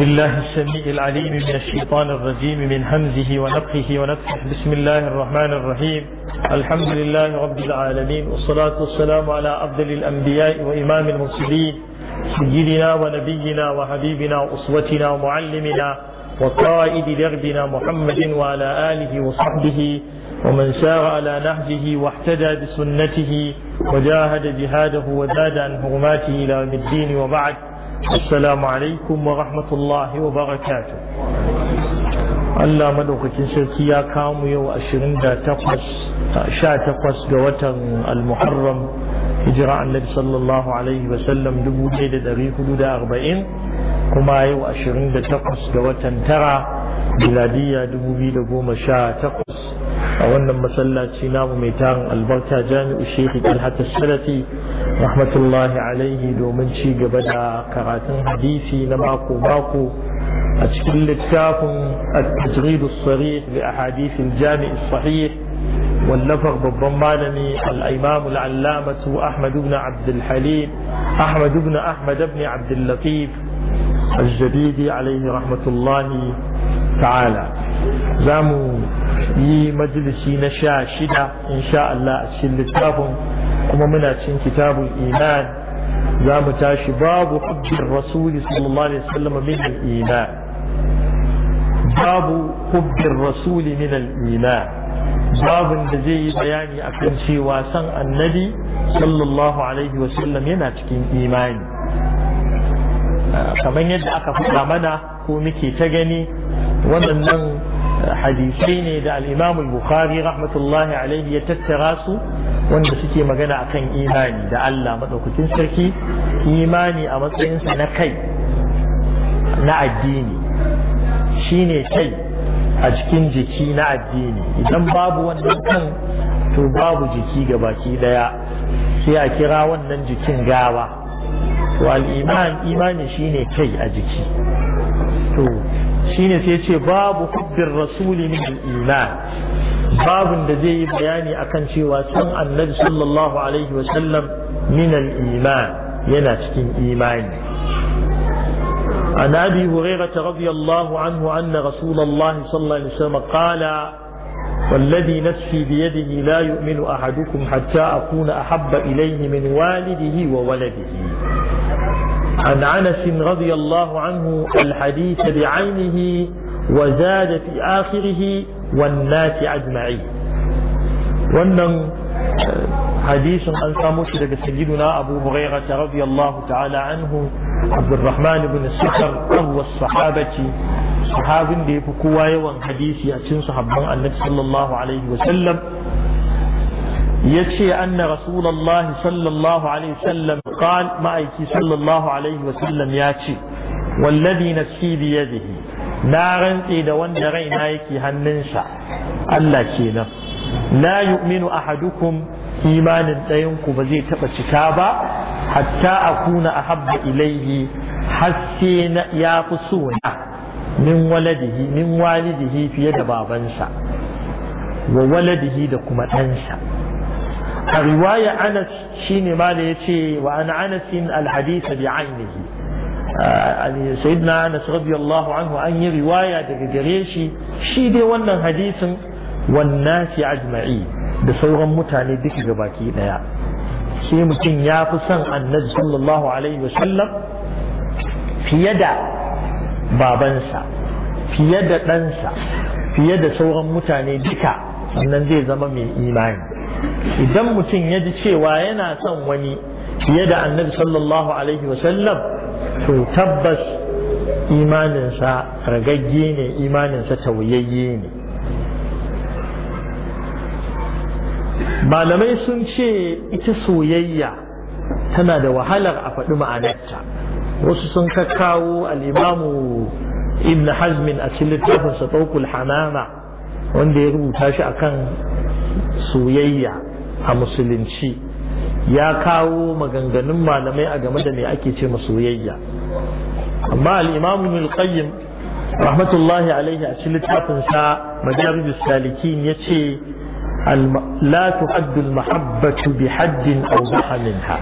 بالله السميع العليم من الشيطان الرجيم من همزه ونفخه ونفخه بسم الله الرحمن الرحيم الحمد لله رب العالمين والصلاة والسلام على أفضل الأنبياء وإمام المرسلين سيدنا ونبينا وحبيبنا وأسوتنا ومعلمنا وقائد دربنا محمد وعلى آله وصحبه ومن سار على نهجه واحتدى بسنته وجاهد جهاده وزاد عن حرماته إلى يوم الدين وبعد السلام عليكم ورحمة الله وبركاته Allah madaukakin sarki ya kamu yau ashirin da takwas sha takwas ga watan al-Muharram hijira annabi sallallahu alaihi wa sallam dubu ɗaya da da ɗari hudu arba'in, kuma yau ashirin da takwas ga watan tara da dubu biyu goma sha takwas. a wannan masallaci namu mai tarin albarka jami'u shehu talhata salafi rahmatullahi alaihi domin ci gaba da karatun hadisi na mako mako a cikin littafin tajridu sarih bi ahadithin jami'u sahih wallafar babban malami al'aimamu al'allamatu ahmad ibn abdulhalim ahmad ibn ahmad ibn abdullatif الجديد عليه رحمة الله ta'ala za mu yi majalisi na sha shida insha Allah a cikin littafin kuma muna cikin kitabun iman za mu tashi babu hubbin rasuli sallallahu alaihi wasallam min al-iman babu hubbin rasuli min al-iman babun da zai yi bayani akan cewa san annabi sallallahu alaihi wasallam yana cikin imani kamar yadda aka faɗa mana ko muke ta gani waɗannan hadisai ne da al bukhari rahmatullahi alaihi ya tattara su wanda suke magana akan imani da Allah madaukakin sarki imani a matsayinsa na kai na addini shine kai a cikin jiki na addini idan babu wannan kan to babu jiki ga baki daya sai a kira wannan jikin gawa to al imani shine kai a jiki to shine sai ce babu hubbin rasuli min iman babun da zai yi bayani akan cewa son annabi sallallahu alaihi wa sallam min iman yana cikin imani عن ابي هريره رضي الله عنه ان رسول الله صلى الله عليه وسلم قال والذي نفسي بيده لا يؤمن احدكم حتى اكون احب اليه من والده وولده عن انس رضي الله عنه الحديث بعينه وزاد في اخره والناس اجمعين wannan hadisin an samo shi daga sayyiduna abu huraira ta radiyallahu ta'ala anhu abdurrahman ibn sukar abuwa sahabaci sahabin da yafi kowa yawan hadisi a cikin sahabban annabi sallallahu alaihi wa sallam yace anna rasulullahi sallallahu alaihi wasallam qal ma'aiki sallallahu alaihi wasallam ya ce wallazi nafsi na rantse da wanda raina yake hannunsa Allah kenan la yu'minu ahadukum imanin ɗayanku ba zai taɓa cika ba hatta a akuna ahabba ilayhi hasse na ya fi so na min waladihi min walidihi fiye da babansa wa waladihi da kuma ɗansa a riwaya anas shine ma da yace wa an anas alhadith bi ainihi ah, sayyidina anas radiyallahu anhu an yi riwaya daga gare shi shi dai wannan hadisin wannasi ajma'i da sauran mutane duka gabaki ɗaya sai mutum ya fi son annabi sallallahu alaihi wasallam fiye da babansa fiye da ɗansa fiye da sauran mutane duka sannan zai zama mai imani idan mutum ya ji cewa yana son wani fiye da annabi sallallahu alaihi wasallam to tabbas imaninsa ragagge ne imaninsa tauyayye ne malamai sun ce ita soyayya tana da wahalar a faɗi ma'anarta wasu sun kakkawo al'imamu ibn hazmin a cikin littafinsa ɗaukul hanama wanda ya rubuta shi akan soyayya a musulunci ya kawo maganganun malamai a game da me ake ce soyayya amma al-imam rahmatullahi alaihi a cikin littafin sa salikin yace la tu'addu al-mahabbatu bi haddin aw minha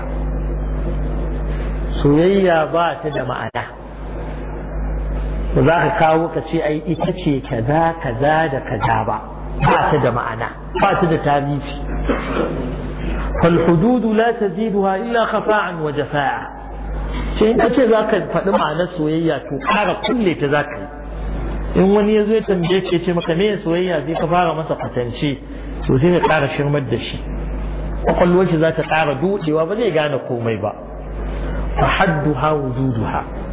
soyayya ba ta da ma'ana ba za ka kawo ka ce ai ita ce kaza kaza da kaza ba ba ta da ma'ana ba ta da tarihi fal hududu la taziduha illa khafa'an wa jafa'a sai in kace za ka faɗi ma'anar soyayya to ƙara kulle ta zakayi. in wani ya zo ya tambaye ka ce maka me soyayya sai ka fara masa kwatance sosai sai ka ƙara shirmar da shi kwakwalwar shi za ta kara duɗewa ba zai gane komai ba fa hadduha wujuduha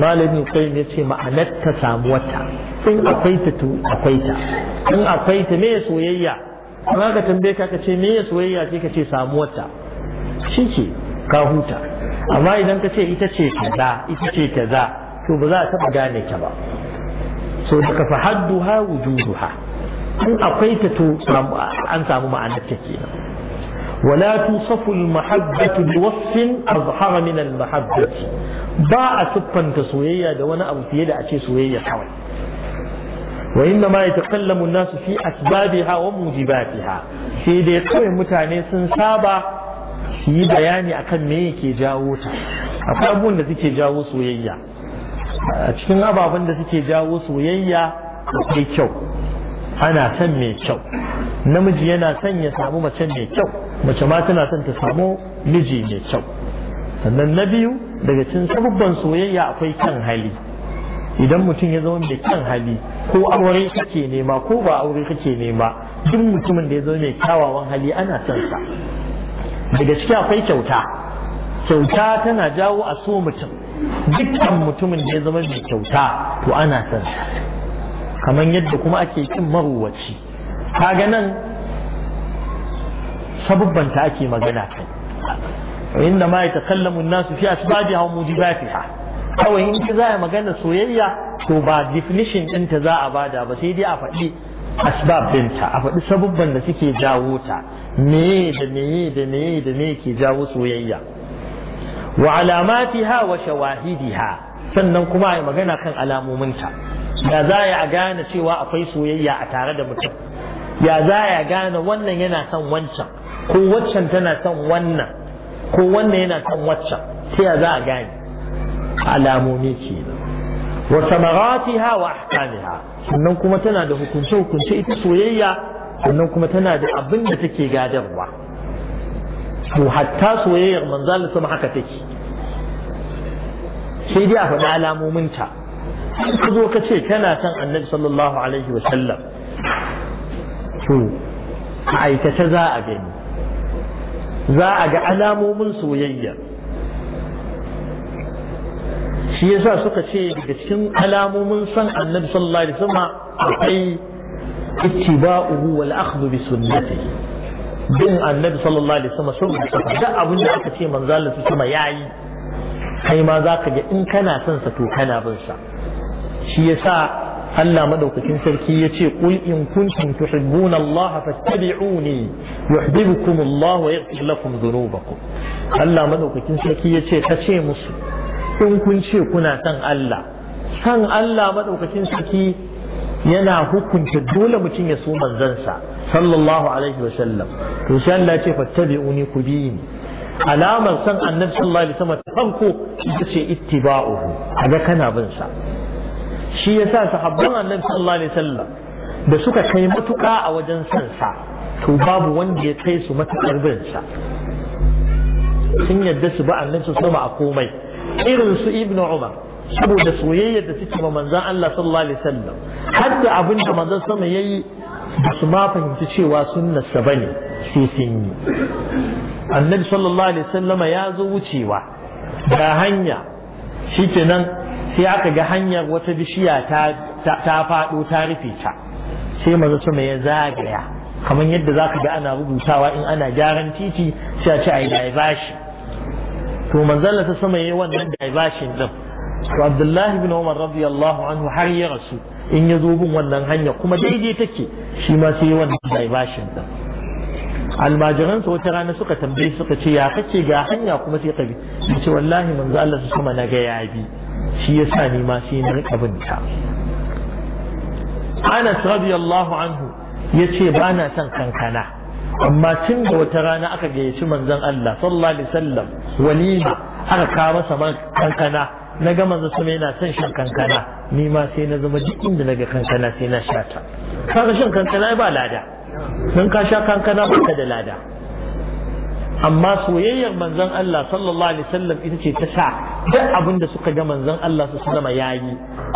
malamin qayyim yace ma'anar ta samu wata in akwai ta tu akwai ta in akwai ta me soyayya Kuma aka tambaye ka ka ce me soyayya sai ka ce samu wata shike ka huta amma idan ka ce ita ce kaza ita ce kaza to ba za a taba gane ta ba so daga fahadduha wujuduha in akwai ta to an samu ma'anar ta kenan ولا توصف المحبة بوصف أظهر من المحبة باع سبا تسوية دون أو تيدا أشي سوية حوي وإنما يتكلم الناس في أسبابها وموجباتها في دي قوي متعني سنسابة في بياني أكن ميكي جاوتا أقول أبون تكي جاو سوية أتكلم أبا بند تكي جاو سوية أكي كيو ana son mai kyau namiji yana son ya samu mace mai kyau mace ma tana son ta samu miji mai kyau sannan na biyu daga cikin sabubban soyayya akwai kyan hali idan mutum ya zama mai kyan hali ko aure kake nema ko ba aure kake nema duk mutumin da ya zama mai kyawawan hali ana son sa daga ciki akwai kyauta kyauta tana jawo a so mutum dukkan mutumin da ya zama mai kyauta to ana son sa kamar yadda kuma ake cin maruwaci kaga nan sabubbanta ake magana kai inda ma yatakallamu an-nasu fi asbabiha wa ha. kawai in ki za magana soyayya to ba definition ɗinta za a bada ba sai dai a faɗi asbab ɗinta a faɗi sabubban da suke jawo ta meye da meye da meye da meye ke jawo soyayya wa alamatiha wa ha? sannan kuma a magana kan alamominta ya za ya gane cewa akwai soyayya a tare da mutum ya za ya gane wannan yana son wancan ko waccan tana son wannan ko wannan yana son waccan sai ya za a gane alamomi ke wa samaratiha wa ahkamiha sannan kuma tana da hukunce hukunce ita soyayya sannan kuma tana da abin da take gadarwa to hatta soyayyar manzalin sama haka take sai dai a faɗi alamominta ka zo ka ce kana san annabi sallallahu alaihi wa sallam to a aikace za a gani za a ga alamomin soyayya shi yasa suka ce daga cikin alamomin san annabi sallallahu alaihi wasallam akwai ittiba'uhu wal akhdhu bi sunnatihi bin annabi sallallahu alaihi wasallam sun da abin da aka ce manzo Allah sama yayi kai ma zaka ga in kana son sa to kana bin sa shi yasa Allah madaukakin sarki ya ce qul in kuntum tuhibbuna Allah fattabi'uni yuhibbukum Allah wa yaghfir lakum dhunubakum Allah madaukakin sarki ya ce ta ce musu in kun ce kuna san Allah san Allah madaukakin sarki yana hukunta dole mutum ya so manzansa sallallahu alaihi wa sallam to sai Allah ya ce fattabi'uni ku bi ni alamar san annabi sallallahu alaihi wasallam ta farko ita ce ittiba'uhu kaga kana bin sa shi yasa sahabban annabi sallallahu alaihi wasallam da suka kai matuƙa a wajen sansa to babu wanda ya kai su matuƙar bin sa sun yadda su ba annabi sallallahu a komai irin su ibnu umar saboda soyayyar da suke ma manzon Allah sallallahu alaihi wasallam hadda abin da manzon sama yayi ba su ma fahimci cewa sunnarsa bane sai sun yi annabi sallallahu alaihi wasallama ya zo wucewa da hanya shikenan sai aka ga hanyar wata bishiya ta faɗo ta rufe ta sai maza su ya zagaya kamar yadda za ka ga ana rubutawa in ana gyaran titi sai a ce a yi daibashi to manzala ta sama yi wannan daibashin din to abdullahi bin umar radiyallahu anhu har ya rasu in ya zo bin wannan hanya kuma daidai take shi ma sai wannan daibashin din almajiransa wata rana suka tambaye suka ce ya kace ga hanya kuma sai ka bi ce wallahi manzo Allah su sama na ga ya bi shi ya sa ni ma sai na rika ana Anas radiyallahu anhu ya ce ba na son kankana amma tun da wata rana aka gayyaci manzon Allah sallallahu alaihi wasallam walima aka kawo masa kankana na ga manzon sama yana son shan kankana ni ma sai na zama duk inda naga kankana sai na sha ta kaga shan kankana ba lada dan ka sha kankana ba ka da lada amma soyayyar manzon Allah sallallahu alaihi wasallam ita ce ta sa duk abin da suka ga manzon Allah su sallama yayi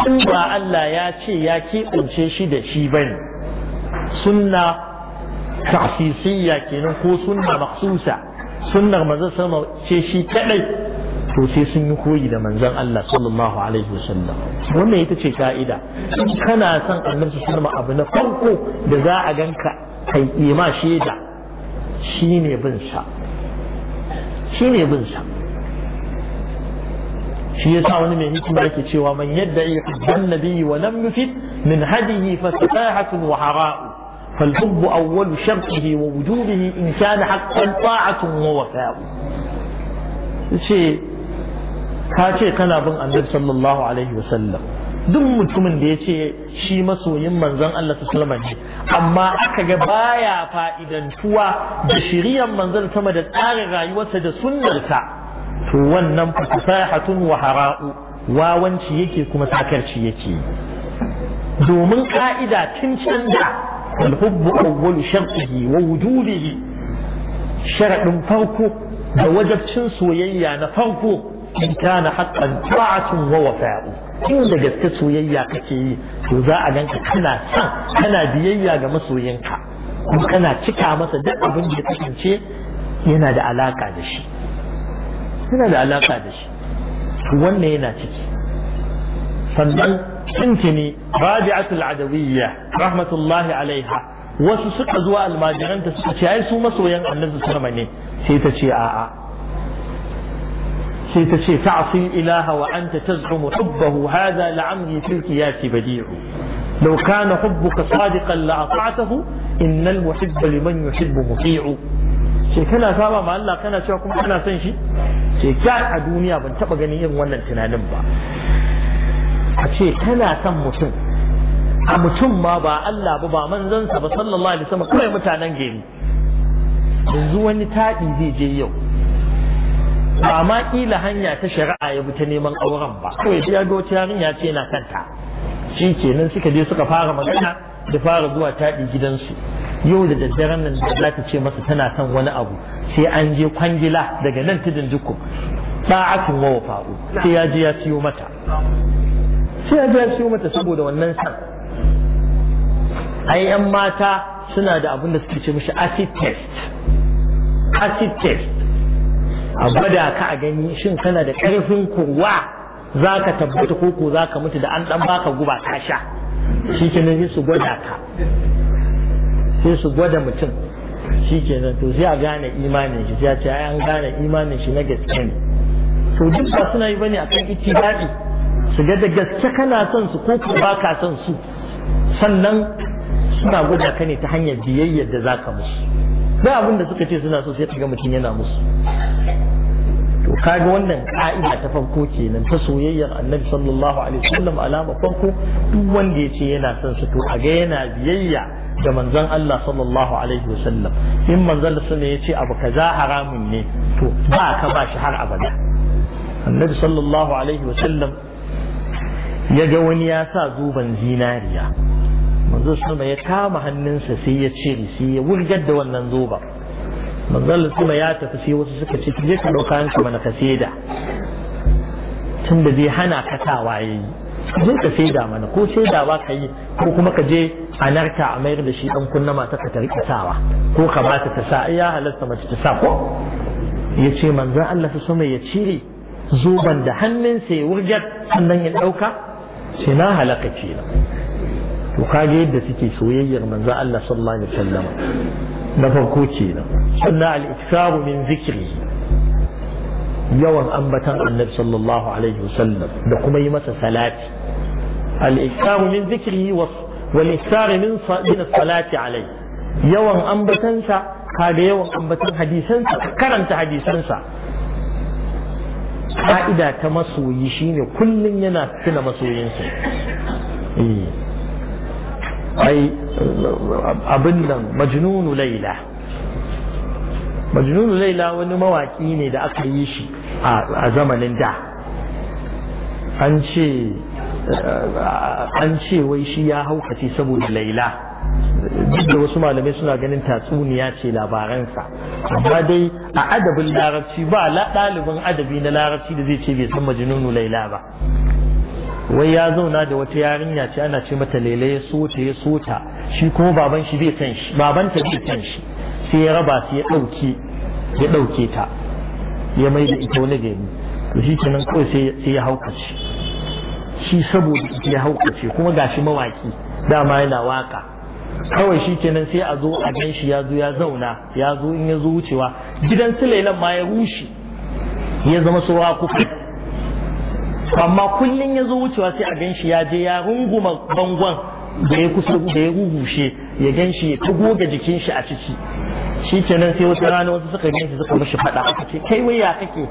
in ba Allah ya ce ya keɓance shi da shi bane sunna tafsisiyya kenan ko sunna makhsusa sunnar manzon sama ce shi kadai to sai sun yi koyi da manzon Allah sallallahu alaihi wasallam wannan ita ce ka'ida in kana son annabi sallama abu na farko da za a ganka kai ima shaida shine bin sa shine ne bin sa shi yasa wani mai hikima yake cewa man yadda ya hubban nabiyyi wa lam yufid min hadihi fa safahatun wa hara'u fal hubbu فالحب أول شرطه ووجوبه إن كان حقا طاعة ووفاء شيء كاتي كان أبن النبي صلى الله عليه وسلم duk mutumin da ya ce shi masoyin manzon Allah ta salama ne amma aka ga baya fa'idantuwa da shiriyar manzon sama da tsarin rayuwarsa da sunnarsa to wannan fasahatun wa hara'u wawanci yake kuma sakarci yake domin ka'ida tun can da alhubbu awwalu shartihi wa wujudihi sharadin farko da wajabcin soyayya na farko in kana haqqan ta'atun wa wafa'u in da gaske soyayya kake yi to za a ganka kana son kana biyayya ga masoyinka kuma kana cika masa duk abin da ya kasance yana da alaka da shi yana da alaka da shi to wannan yana ciki sannan tuntuni rabi'atul adawiyya rahmatullahi alaiha wasu suka zuwa almajiranta suka ce ai su masoyan annabi sallama ne sai ta ce a'a sai ta ce ta'sil ilaha wa anta taz'umu hubbahu hadha la'amri fil qiyas badi'u law kana hubbuka sadiqan la ata'tahu innal muhibba liman yuhibbu muti'u sai kana saba ma Allah kana cewa kuma kana son shi sai a duniya ban taba ganin yin wannan tunanin ba a ce kana son mutum a mutum ma ba Allah ba ba manzansa ba sallallahu alaihi wasallam kawai mutanen gari yanzu wani taɗi zai je yau ba ma kila hanya ta shari'a ya bi ta neman auren ba kawai ya ga wata yarinya ce na kanta shi kenan suka je suka fara magana da fara zuwa taɗi gidansu yau da daddaren nan da za ta ce masa tana son wani abu sai an je kwangila daga nan tudun dukku ba'atun wa fa'u sai ya je ya siyo mata sai ya je ya siyo mata saboda wannan san ai yan mata suna da abin da suke ce mishi acid test acid test a gwada ka a gani shin kana da ƙarfin kurwa za ka tabbata ko ko za ka mutu da an ɗan baka guba ka sha shi ke nan su gwada ka sai su gwada mutum shi nan to sai a gane imanin shi ya ce an gane imanin shi na gaske ne to duk ba suna yi bane akan daɗi. su ga da gaske kana son su ko ko baka son su sannan suna gwada ka ne ta hanyar biyayyar da zaka musu ba abin da suka ce suna so sai ga mutum yana musu to kaga wannan ka'ida ta farko kenan ta soyayyar annabi sallallahu alaihi wasallam alama farko duk wanda yace yana son su to a ga yana biyayya da manzon Allah sallallahu alaihi wasallam in manzon Allah ya yace abu kaza haramun ne to ba ka ba shi har abada annabi sallallahu alaihi wasallam ya ga wani ya sa zuban zinariya manzon sama ya kama hannunsa sai ya cire sai ya wurgar da wannan zuban manzon ya tafi sai wasu suka ce je ka dauka yanka mana ka saida tunda zai hana kasawa yayi je ka saida mana ko saida ba ka yi ko kuma ka je a narka a mayar da shi dan kunna mata ka ta sawa ko ka ba ta sa ya halatta mace ta sa ko yace manzon Allah sama ya cire zuban da hannunsa ya wurgar sannan ya dauka sai na halaka kenan to kage yadda suke soyayyar manzo Allah sallallahu alaihi wasallam na farko kenan sannan al-iktaru min zikri yawan ambatan annabi sallallahu alaihi wasallam da kuma yi masa salati al-iktaru min zikri wal iktaru min min salati alai yawan ambatansa ka da yawan ambatan hadisansa karanta hadisansa ka'ida ta masoyi shine kullum yana tuna masoyinsa eh. ai abin nan majnunu laila majnunu laila wani mawaki ne da aka yi shi a zamanin da an ce an ce wai shi ya haukace saboda laila duk da wasu malamai suna ganin tatsuniya ce labaransa amma dai a adabin larabci ba ɗalibin adabi na larabci da zai ce bai san majnunu laila ba wai ya zauna da wata yarinya ce ana ce mata lele ya sota ya sota shi kuma baban shi bai san shi baban ta bai san shi sai ya raba su ya dauke ya dauke ta ya mai da ita wani gari to shi kenan kawai sai ya haukace shi saboda ita ya haukace kuma gashi mawaki dama yana waka kawai shi kenan sai a zo a gan shi ya zo ya zauna ya zo in ya zo wucewa gidan su lailan ma ya rushe ya zama su kuka amma kullun ya zo wucewa sai a ganshi ya je ya runguma bangon da ya kusa da ya rugushe ya ganshi ya ta ga jikin shi a ciki shi kenan sai wata rana wasu suka ganshi suka mishi fada aka ce kai waya kake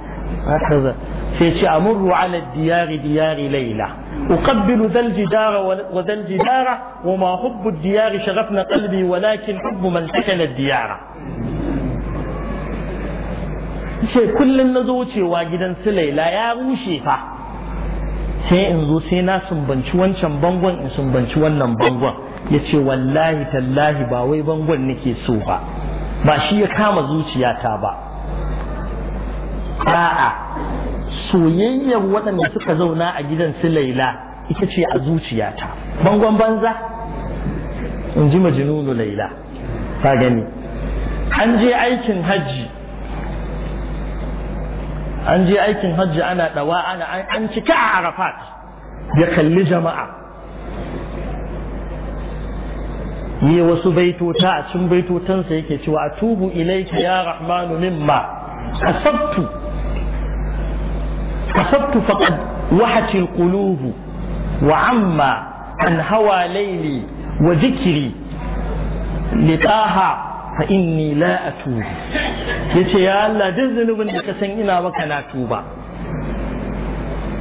haka sai ce amurru ala diyari diyari laila أقبل ذا الجدار وذا الجدار وما حب الديار شغفنا قلبي ولكن حب من سكن الديار ce kullum na zo wucewa gidan su laila ya rushe fa sai in zo sai na sumbanci wancan bangon in sumbanci wannan bangon ya ce wallahi tallahi ba wai bangon nake so ba ba shi ya kama zuciyata ba a'a soyayyar waɗanda suka zauna a gidan su laila ita ce a zuciyata bangon banza in ji majinunu laila ta gani an je aikin hajji an je aikin hajji ana dawa ana an cika a arafat ya kalli jama'a ni wasu baitota a cikin baitotansa yake cewa atubu ilayka ya rahmanu mimma kasabtu kasabtu faqad wahati alqulubu wa amma an hawa layli wa zikri litaha fa inni la atubu yace ya Allah duk zunubin da ka san ina maka na tuba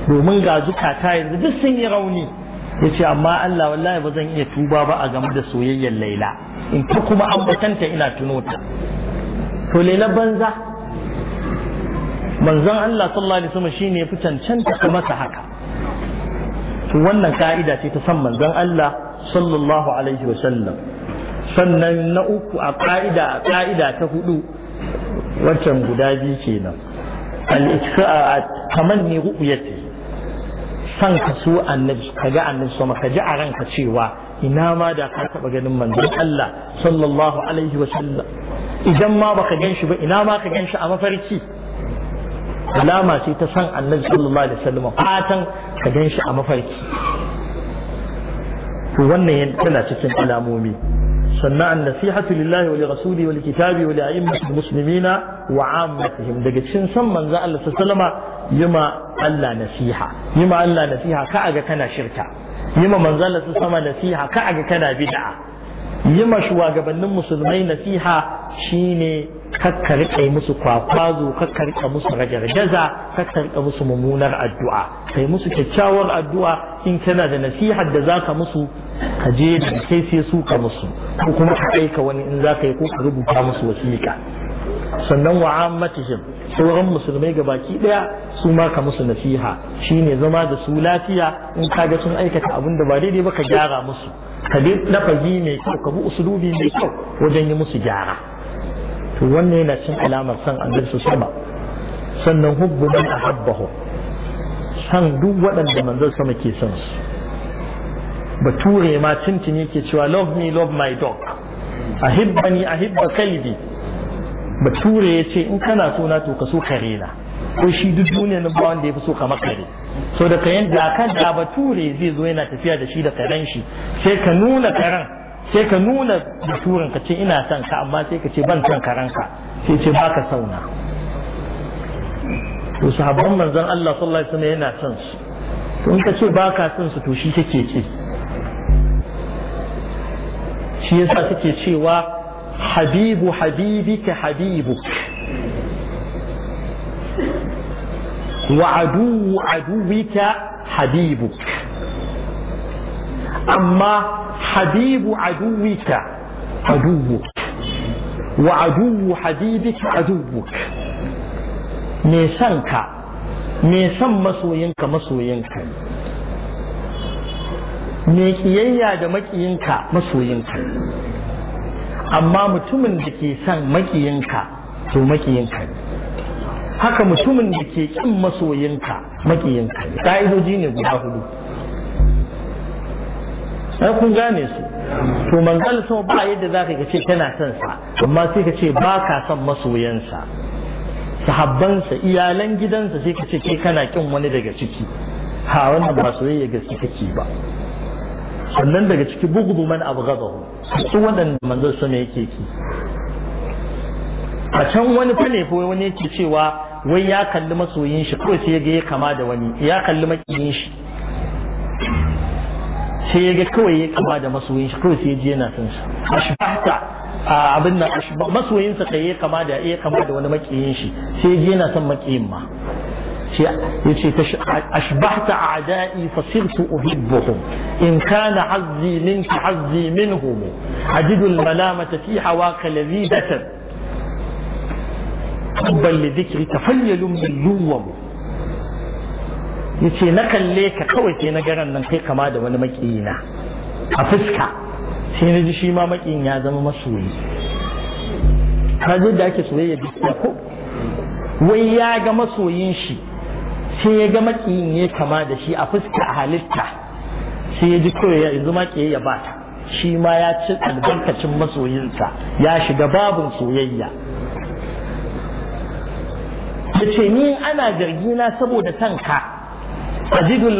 domin ga zukata yanzu duk sun yi rauni yace amma Allah wallahi ba zan iya tuba ba a game da soyayyar Laila in ta kuma ambatanta ina tuno ta to Laila banza manzon Allah sallallahu alaihi wasallam shine ya fi cancanta kuma masa haka to wannan ka'ida ce ta san manzon Allah sallallahu alaihi wasallam sannan na uku a ƙa'ida a ƙa'ida ta hudu wancan guda biyu kenan al-iksa'a kaman ne ru'yati san ka so annabi ka ga annabi sama ka ji a ranka cewa ina ma da ka taba ganin manzon Allah sallallahu alaihi wa sallam idan ma baka gan shi ba ina ma ka gan shi a mafarki alama ce ta san annabi sallallahu alaihi wa sallam fatan ka gan shi a mafarki to wannan yana cikin alamomi sannan nasihatu lillahi wa li rasuli wa li kitabi wa li a'immatil muslimina wa ammatihim daga cikin san manzo Allah sallama yima Allah nasiha yima Allah nasiha ka aga kana shirka yima manzo Allah sallama nasiha ka aga kana bid'a yi ma shugabannin musulmai nasiha shine kakkarika musu kwakwazo kakkarika musu rajarjaza kakkarika musu mummunar addu'a kai musu kyakkyawar addu'a in kana da nasihar da zaka musu ka je da kai sai su ka musu ko kuma ka aika wani in zaka yi ko ka rubuta musu wasiƙa sannan wa ammatihim sauran musulmai ga baki daya su ma ka musu nasiha shine zama da su lafiya in kaga sun aikata abin da ba daidai ba ka gyara musu ka bi lafazi mai kyau ka bi usulubi mai kyau wajen yi musu gyara to wannan yana cin alamar san su sama sannan hubbu man ahabbahu san duk waɗanda manzon sama ke son su bature ma tintini ke cewa love me love my dog ahibbani ahibba kalbi bature ya ce in kana so na to ka so kare na ko shi duk duniyar nan ba wanda ya fi so kamar kare so da kayan da kan da bature zai zo yana tafiya da shi da karen shi sai ka nuna karen sai ka nuna baturen ka ce ina son ka amma sai ka ce ban son karen ka sai ce baka sauna to sahabban manzon Allah sallallahu alaihi wasallam yana son su to in ka ce baka son su to shi take ce shi yasa take cewa habibu habibika habibuk Wa'aduhu aduhu yi ta Habibu, amma Habibu adu bi ta adubu, adu bi ta adubu, me son ka? Me son masoyin ka? Me kiyayya da makiyinka ka amma mutumin da ke san makiyin to makiyin ka. haka mutumin da ke kin masoyinka makiyinka ka'idoji ne guda hudu sai kun gane su to manzal sama ba yadda zaka ka ce kana son sa amma sai ka ce ba ka son masoyansa sahabbansa iyalan gidansa sai ka ce kai kana kin wani daga ciki ha wannan ba soyayya gaske kake ba sannan daga ciki bugudu man abghadahu su waɗanda manzal ne yake ki a can wani fa ne wani yake cewa wai ya kalli masoyin shi kawai sai ga ya kama da wani ya kalli makiyin shi sai ya ga kawai ya kama da masoyin shi kawai sai ya yana son shi ashbahta abin nan masoyin sa kai ya kama da ya kama da wani makiyin shi sai ya yana son makiyin ma yace ashbahta a'da'i fa sirtu uhibbuhum in kana hazzi minka hazzi minhum ajidu malamata fi حبا لذكرك فليلمني يوم yace na kalle ka kawai sai na garan nan kai kama da wani makiyina a fuska sai na ji shi ma makiyin ya zama masoyi kaje da ake soyayya gaskiya ko wai ya ga masoyin shi sai ya ga makiyin ya kama da shi a fuska a halitta sai ya ji kawai ya yanzu makiyi ya bata shi ma ya ci albarkacin masoyinsa ya shiga babin soyayya ce ni ana zargi na saboda san ka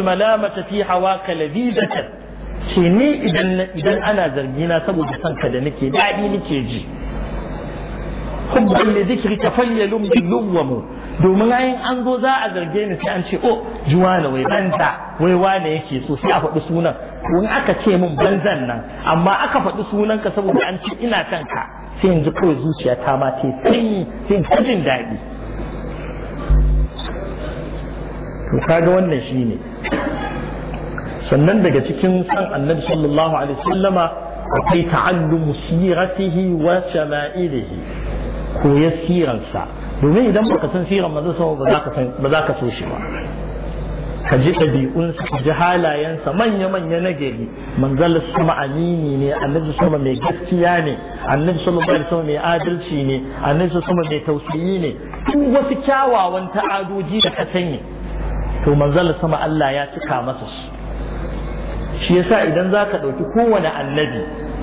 malama ta fi da ta ce ni idan ana zargi na saboda san ka da nake daɗi nake ji hubban li fanya lumbi bilwamu domin ayin an zo za a zarge ni sai an ce oh na wai banza wai wane yake so sai a faɗi sunan in aka ce min banzan nan amma aka faɗi sunanka saboda an ce ina son sai yanzu kawai zuciya ta ma sai sai jin daɗi to kaga wannan shi ne sannan daga cikin san annabi sallallahu alaihi wasallama akwai ta'allumu siratihi wa shama'ilihi ya siransa domin idan baka san sirar manzo sama ba za ka san ba za so shi ba ka ji ɗabi'unsa ka ji halayensa manya-manya na gari manzalar sama amini ne annabi sama mai gaskiya ne annabi sama mai sama mai adalci ne annabi sama mai tausayi ne duk wasu kyawawan ta'adoji da ka sanya. to manzala sama Allah ya cika masa su shi yasa idan za ka ɗauki kowane annabi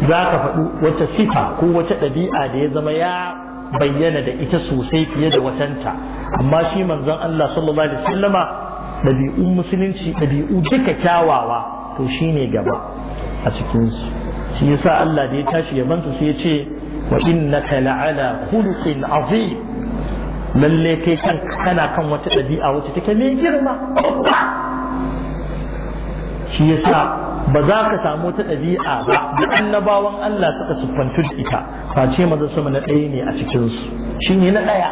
za ka faɗi wata sifa ko wata ɗabi'a da ya zama ya bayyana da ita sosai fiye da watanta amma shi manzon Allah sallallahu alaihi wasallama ɗabi'un musulunci ɗabi'u duka kyawawa to shine gaba a cikinsu shi yasa Allah da ya tashi ya yabansa sai ya ce wa innaka la'ala khuluqin azim lalle kai kan kana kan wata ɗabi'a wacce take mai girma shi yasa ba za ka samu wata ɗabi'a ba da annabawan Allah suka siffantu da ita face maza sama na ɗaya ne a cikinsu shi ne na ɗaya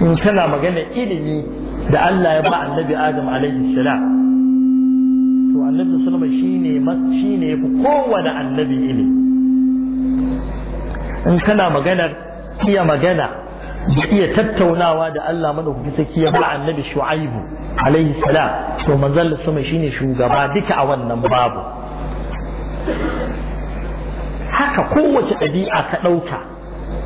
in kana magana ilimi da Allah ya ba annabi Adam alaihi salam to annabi sallama shine shine yafi kowane annabi ilimi in kana maganar iya magana ya iya tattaunawa da Allah madaukaki saki ya ba annabi shu'aibu alaihi salam to manzon sama shine shugaba duka a wannan babu haka kowace ɗabi'a ka ɗauka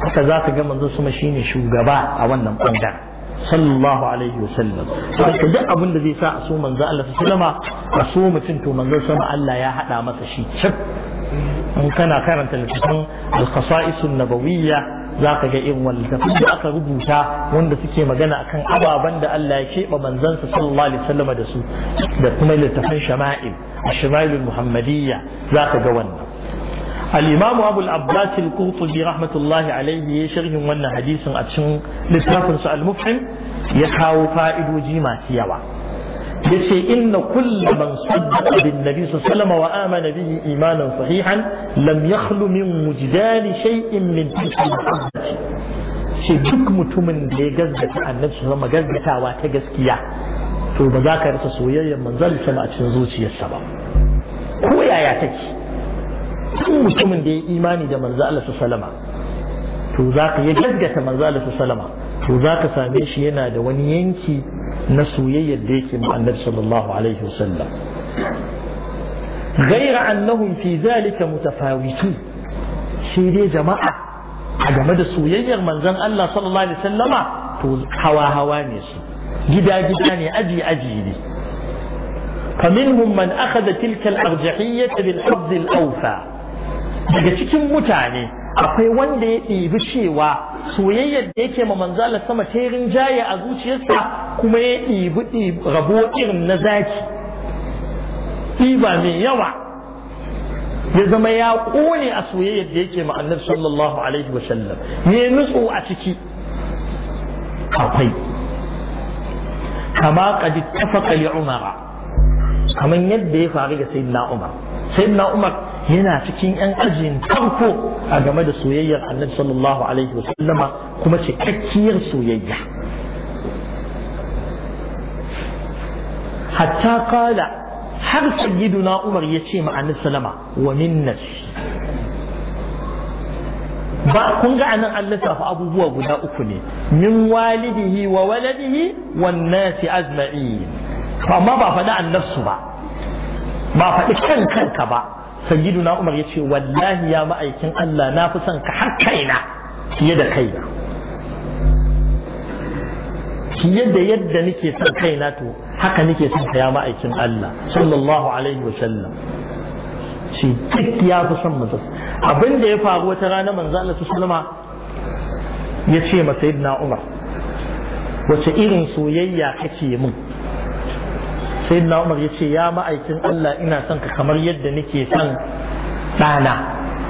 haka za ka ga manzon sama shine shugaba a wannan ɓangaren sallallahu alaihi wa sallam. sai duk abin da zai sa a so manzo Allah sallama a so mutum to manzo sama Allah ya hada masa shi cip in kana karanta littafin al-qasa'is an-nabawiyya za ka ga irin wallafin da aka rubuta wanda suke magana akan ababen da Allah ya keɓa manzansa sallallahu alaihi wasallam da su da kuma littafin shama'il a shama'ilul muhammadiyya za ka ga wannan الإمام أبو العباس القرطبي رحمة الله عليه يشرح وانا حديث أتشن لتافنس المفهم يكاو فائد وجيما سيوا yace inna kullu man saddaqa bin nabi sallallahu wa amana bihi imanan sahihan lam yakhlu min mujdali shay'in min tilka shi duk mutumin da ya gazzata annabi sallallahu gazzatawa ta gaskiya to ba za ka rasa soyayyar manzon sama a cikin zuciyarsa ba ko yaya take duk mutumin da ya imani da manzo Allah sallama to za ka ya gaggata manzo Allah sallama to za ka same shi yana da wani yanki نسويه ديك محمد صلى الله عليه وسلم غير انهم في ذلك متفاوتون سيدي جماعه هذا مدى سويه من زن الله صلى الله عليه وسلم هوا هوا نسو جدا جدا اجي اجي دي. فمنهم من اخذ تلك الارجحيه بالحظ الاوفى daga cikin mutane akwai wanda ya ɗibi cewa soyayyar da yake ma manzala sama ta yi rinjaye a zuciyarsa kuma ya ɗibi rabo irin na zaki ɗiba mai yawa ya zama ya ƙone a soyayyar da yake ma annabi sallallahu alaihi wa sallam ya nutsu a ciki akwai kama kadi tafaka li umara kamar yadda ya faru ga sayyidina umar sayyidina umar yana cikin yan ajin farko a game da soyayyar annabi sallallahu alaihi wasallama kuma cikakkiyar soyayya hatta kala har sayyiduna umar ya ce ma annabi sallama wa minnas ba kun ga anan an lissafa abubuwa guda uku ne min walidihi wa waladihi wan nasi amma ba faɗa annabsu ba ba faɗi kan kanka ba sayyiduna umar ya ce wallahi ya ma'aikin Allah na fi son ka har kaina fiye da kaina fiye da yadda nake son kaina to haka nake son ka ya ma'aikin Allah sallallahu alaihi wa sallam shi duk ya fi son manzo abin da ya faru wata rana manzo Allah sallama ya ce ma sayyidina umar wace irin soyayya kake min sai na umar ya ce ya ma'aikin Allah ina son ka kamar yadda nake son ɗana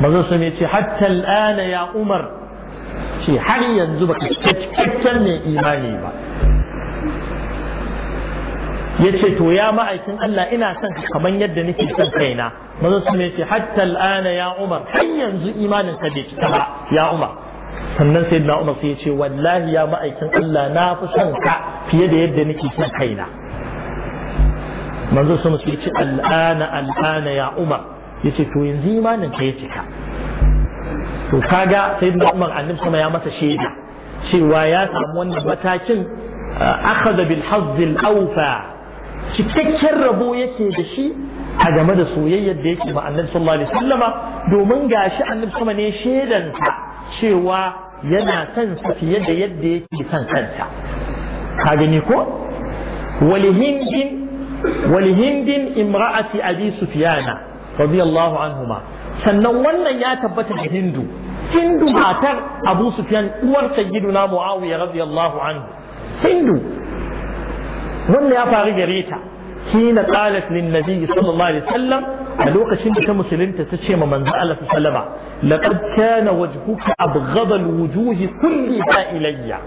manzo sun ya ce hatta al'ana ya umar ce har yanzu ba ka cikakken mai imani ba ya ce to ya ma'aikin Allah ina son ka kamar yadda nake son kaina manzo sun ya ce hatta al'ana ya umar har yanzu imanin ka bai cika ba ya umar sannan sai na umar sai ya ce wallahi ya ma'aikin Allah na fi son ka fiye da yadda nake son kaina manzo sama sai ce al'ana al'ana ya umar yace to yanzu imanin ka ya cika to kaga sai da umar annabi sama ya masa shaida cewa ya samu wannan matakin ah, akhadha bil hazz al awfa cikakken rabo yake da shi a game da soyayyar da yake ma annabi sallallahu alaihi wasallama domin gashi annabi sama ne shaidansa cewa yana son sa fiye da yadda yake son kanta ka gani ko walihindin ولهند امرأة أبي سفيان رضي الله عنهما sannan wannan ya tabbata da hindu hindu matar abu sufyan uwar sayyiduna muawiya radiyallahu anhu hindu wannan ya faru gare ta hina qalat lin nabi sallallahu alaihi wasallam a lokacin da ta musulunta ta ce ma manzo Allah sallama laqad kana wajhuka abghadha kulli ta ilayya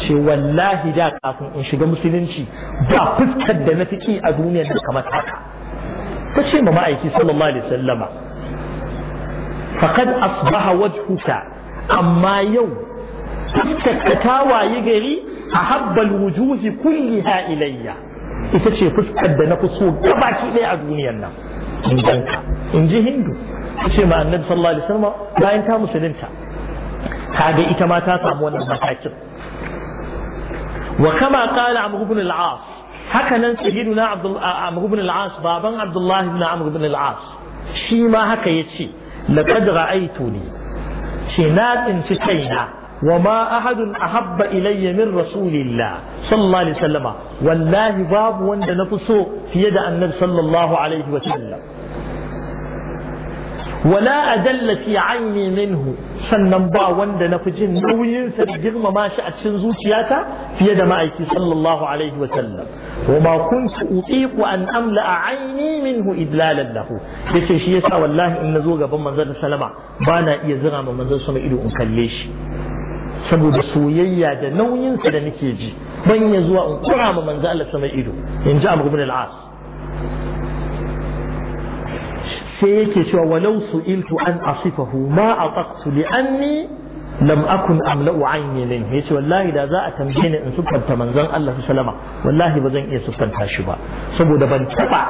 ce wallahi da kafin in shiga musulunci ba fuskar da na fiki a duniyar da kamar haka ta ce ma ma'aiki sallallahu alaihi sallama faqad asbaha wajhuka amma yau fuskar ta waye gari a habbal wujuhi ha ilayya ita ce fuskar da na fi so gabaki ɗaya a duniyar nan in ganka in ji hindu ta ce ma annabi sallallahu alaihi sallama bayan ta musulunta kaga ita ma ta samu wannan matakin wa kama qala amr ibn al-as haka nan sayyiduna abdul amr baban abdullahi ibn amr ibn shi ma haka yace laqad ra'aytuni ce na tsinci kaina wa ma ahadun ahabba ilayya min rasulillah sallallahu alaihi wasallama wallahi babu wanda na fi so fiye da annabi wala a adalla fi anni minhu sannan ba wanda na fi jin nauyinsa da girmama shi a cikin zuciyata fiye da ma'aiki sallallahu alaihi wa sallam wa ma kuntu utiqu an amla a aini minhu idlalan lahu yace shi yasa wallahi in nazo gaban manzon sallama bana iya zira ma manzon sama ido in kalle shi saboda soyayya da nauyinsa da nake ji ban iya zuwa in kura ma manzon Allah ido in ji Amr ibn al sai yake cewa walau su'iltu an asifahu ma ataqtu li anni lam akun amla'u ayni lin yace wallahi da za a tambaye ni in sufanta manzon Allah sallama wallahi ba zan iya sufanta shi ba saboda ban taba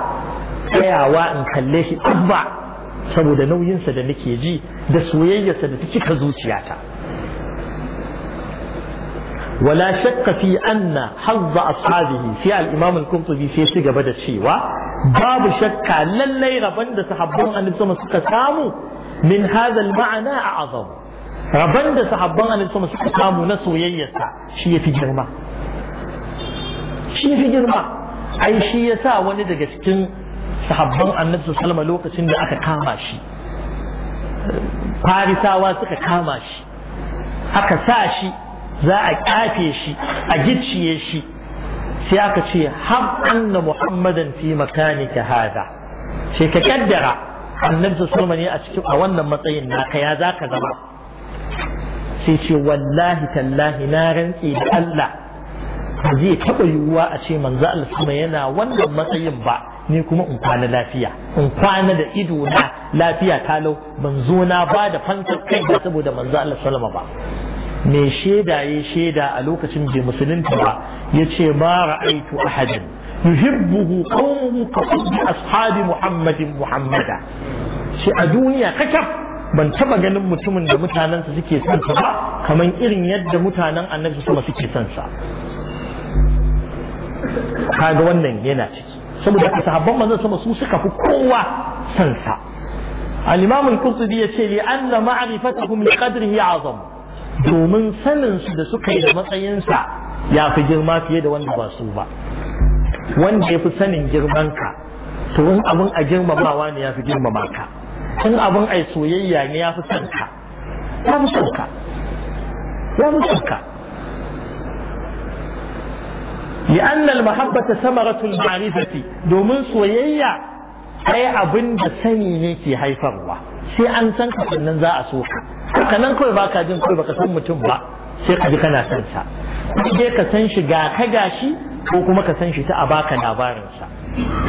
tsayawa in kalle shi ba saboda nauyinsa da nake ji da soyayyarsa da ta cika zuciyata ولا شك في أن حظ أصحابه في الإمام القرطبي في سجبة الشيوة babu shakka lallai rabon da sahabban annabi sama suka samu min hadha ma'ana a a'zam rabon da sahabban annabi sama suka samu na soyayyarsa shi fi girma shi ya fi girma ai shi sa wani daga cikin sahabban annabi sallama lokacin da aka kama shi farisawa suka kama shi aka sa shi za a kafe shi a gicciye shi sai aka ce har anna muhammadan fi makanika hada sai ka kaddara annabi sallallahu ne a cikin a wannan matsayin naka ya zaka zama sai ce wallahi tallahi na rantsi da Allah ba zai taɓa yiwuwa a ce manzo Allah yana wannan matsayin ba ni kuma in kwana lafiya in kwana da ido na lafiya talau ban zo na ba da fansar kai saboda manzo Allah sallama ba mai shaida ya shaida a lokacin bai musulunta ba ya ce ma ra'aitu ahadan yuhibbuhu qawmuhu ka hubbi ashabi muhammadin muhammada shi a duniya kakaf ban taba ganin mutumin da mutanensa suke son sa ba kamar irin yadda mutanen annabi sama suke son sa kaga wannan yana ciki saboda ka sahabban manzon sama su suka fi kowa son sa al-imam al-qurtubi yace li anna ma'rifatuhum li qadrihi azam domin saninsu da suka yi da matsayinsa ya fi girma fiye da wanda ba su ba wanda ya fi sanin girmanka to in abin a girmamawa ne ya fi girmama ka in abin a soyayya ne ya fi son ka ya fi son ka ya fi son ka لأن المحبة ثمرة المعرفة domin soyayya أي abin da sani ne ke haifarwa sai an san kafin nan za a so ka nan kawai baka jin kawai baka san mutum ba sai ka ji kana san sa sai ka san shi ga ka gashi ko kuma ka san shi ta a baka labarin sa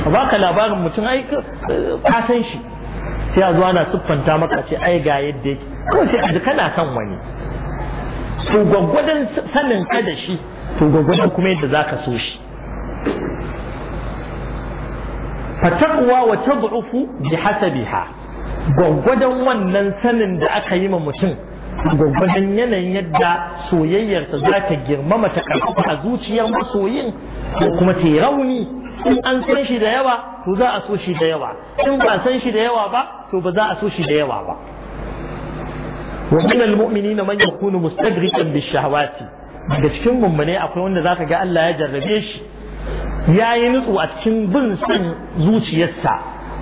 a baka labarin mutum ai ka san shi sai a zuwa na siffanta maka ce ai ga yadda yake kawai sai ka ji kana san wani to gwaggwadon sanin ka da shi to gwaggwadon kuma yadda zaka so shi فتقوى وتضعف bihasabiha Gwaggwajen wannan sanin da aka yi ma mutum gwaggwajen yanayin yadda soyayyarsa za ta girmama ta karfafa a zuciyar masoyin ko kuma ta yi rauni in an san shi da yawa to za a so shi da yawa in ba san shi da yawa ba to ba za a so shi da yawa ba wa min almu'minina man yakunu mustadrikan bishahawati daga cikin mummune akwai wanda zaka ga Allah ya jarrabe shi yayi nutsu a cikin bin son zuciyarsa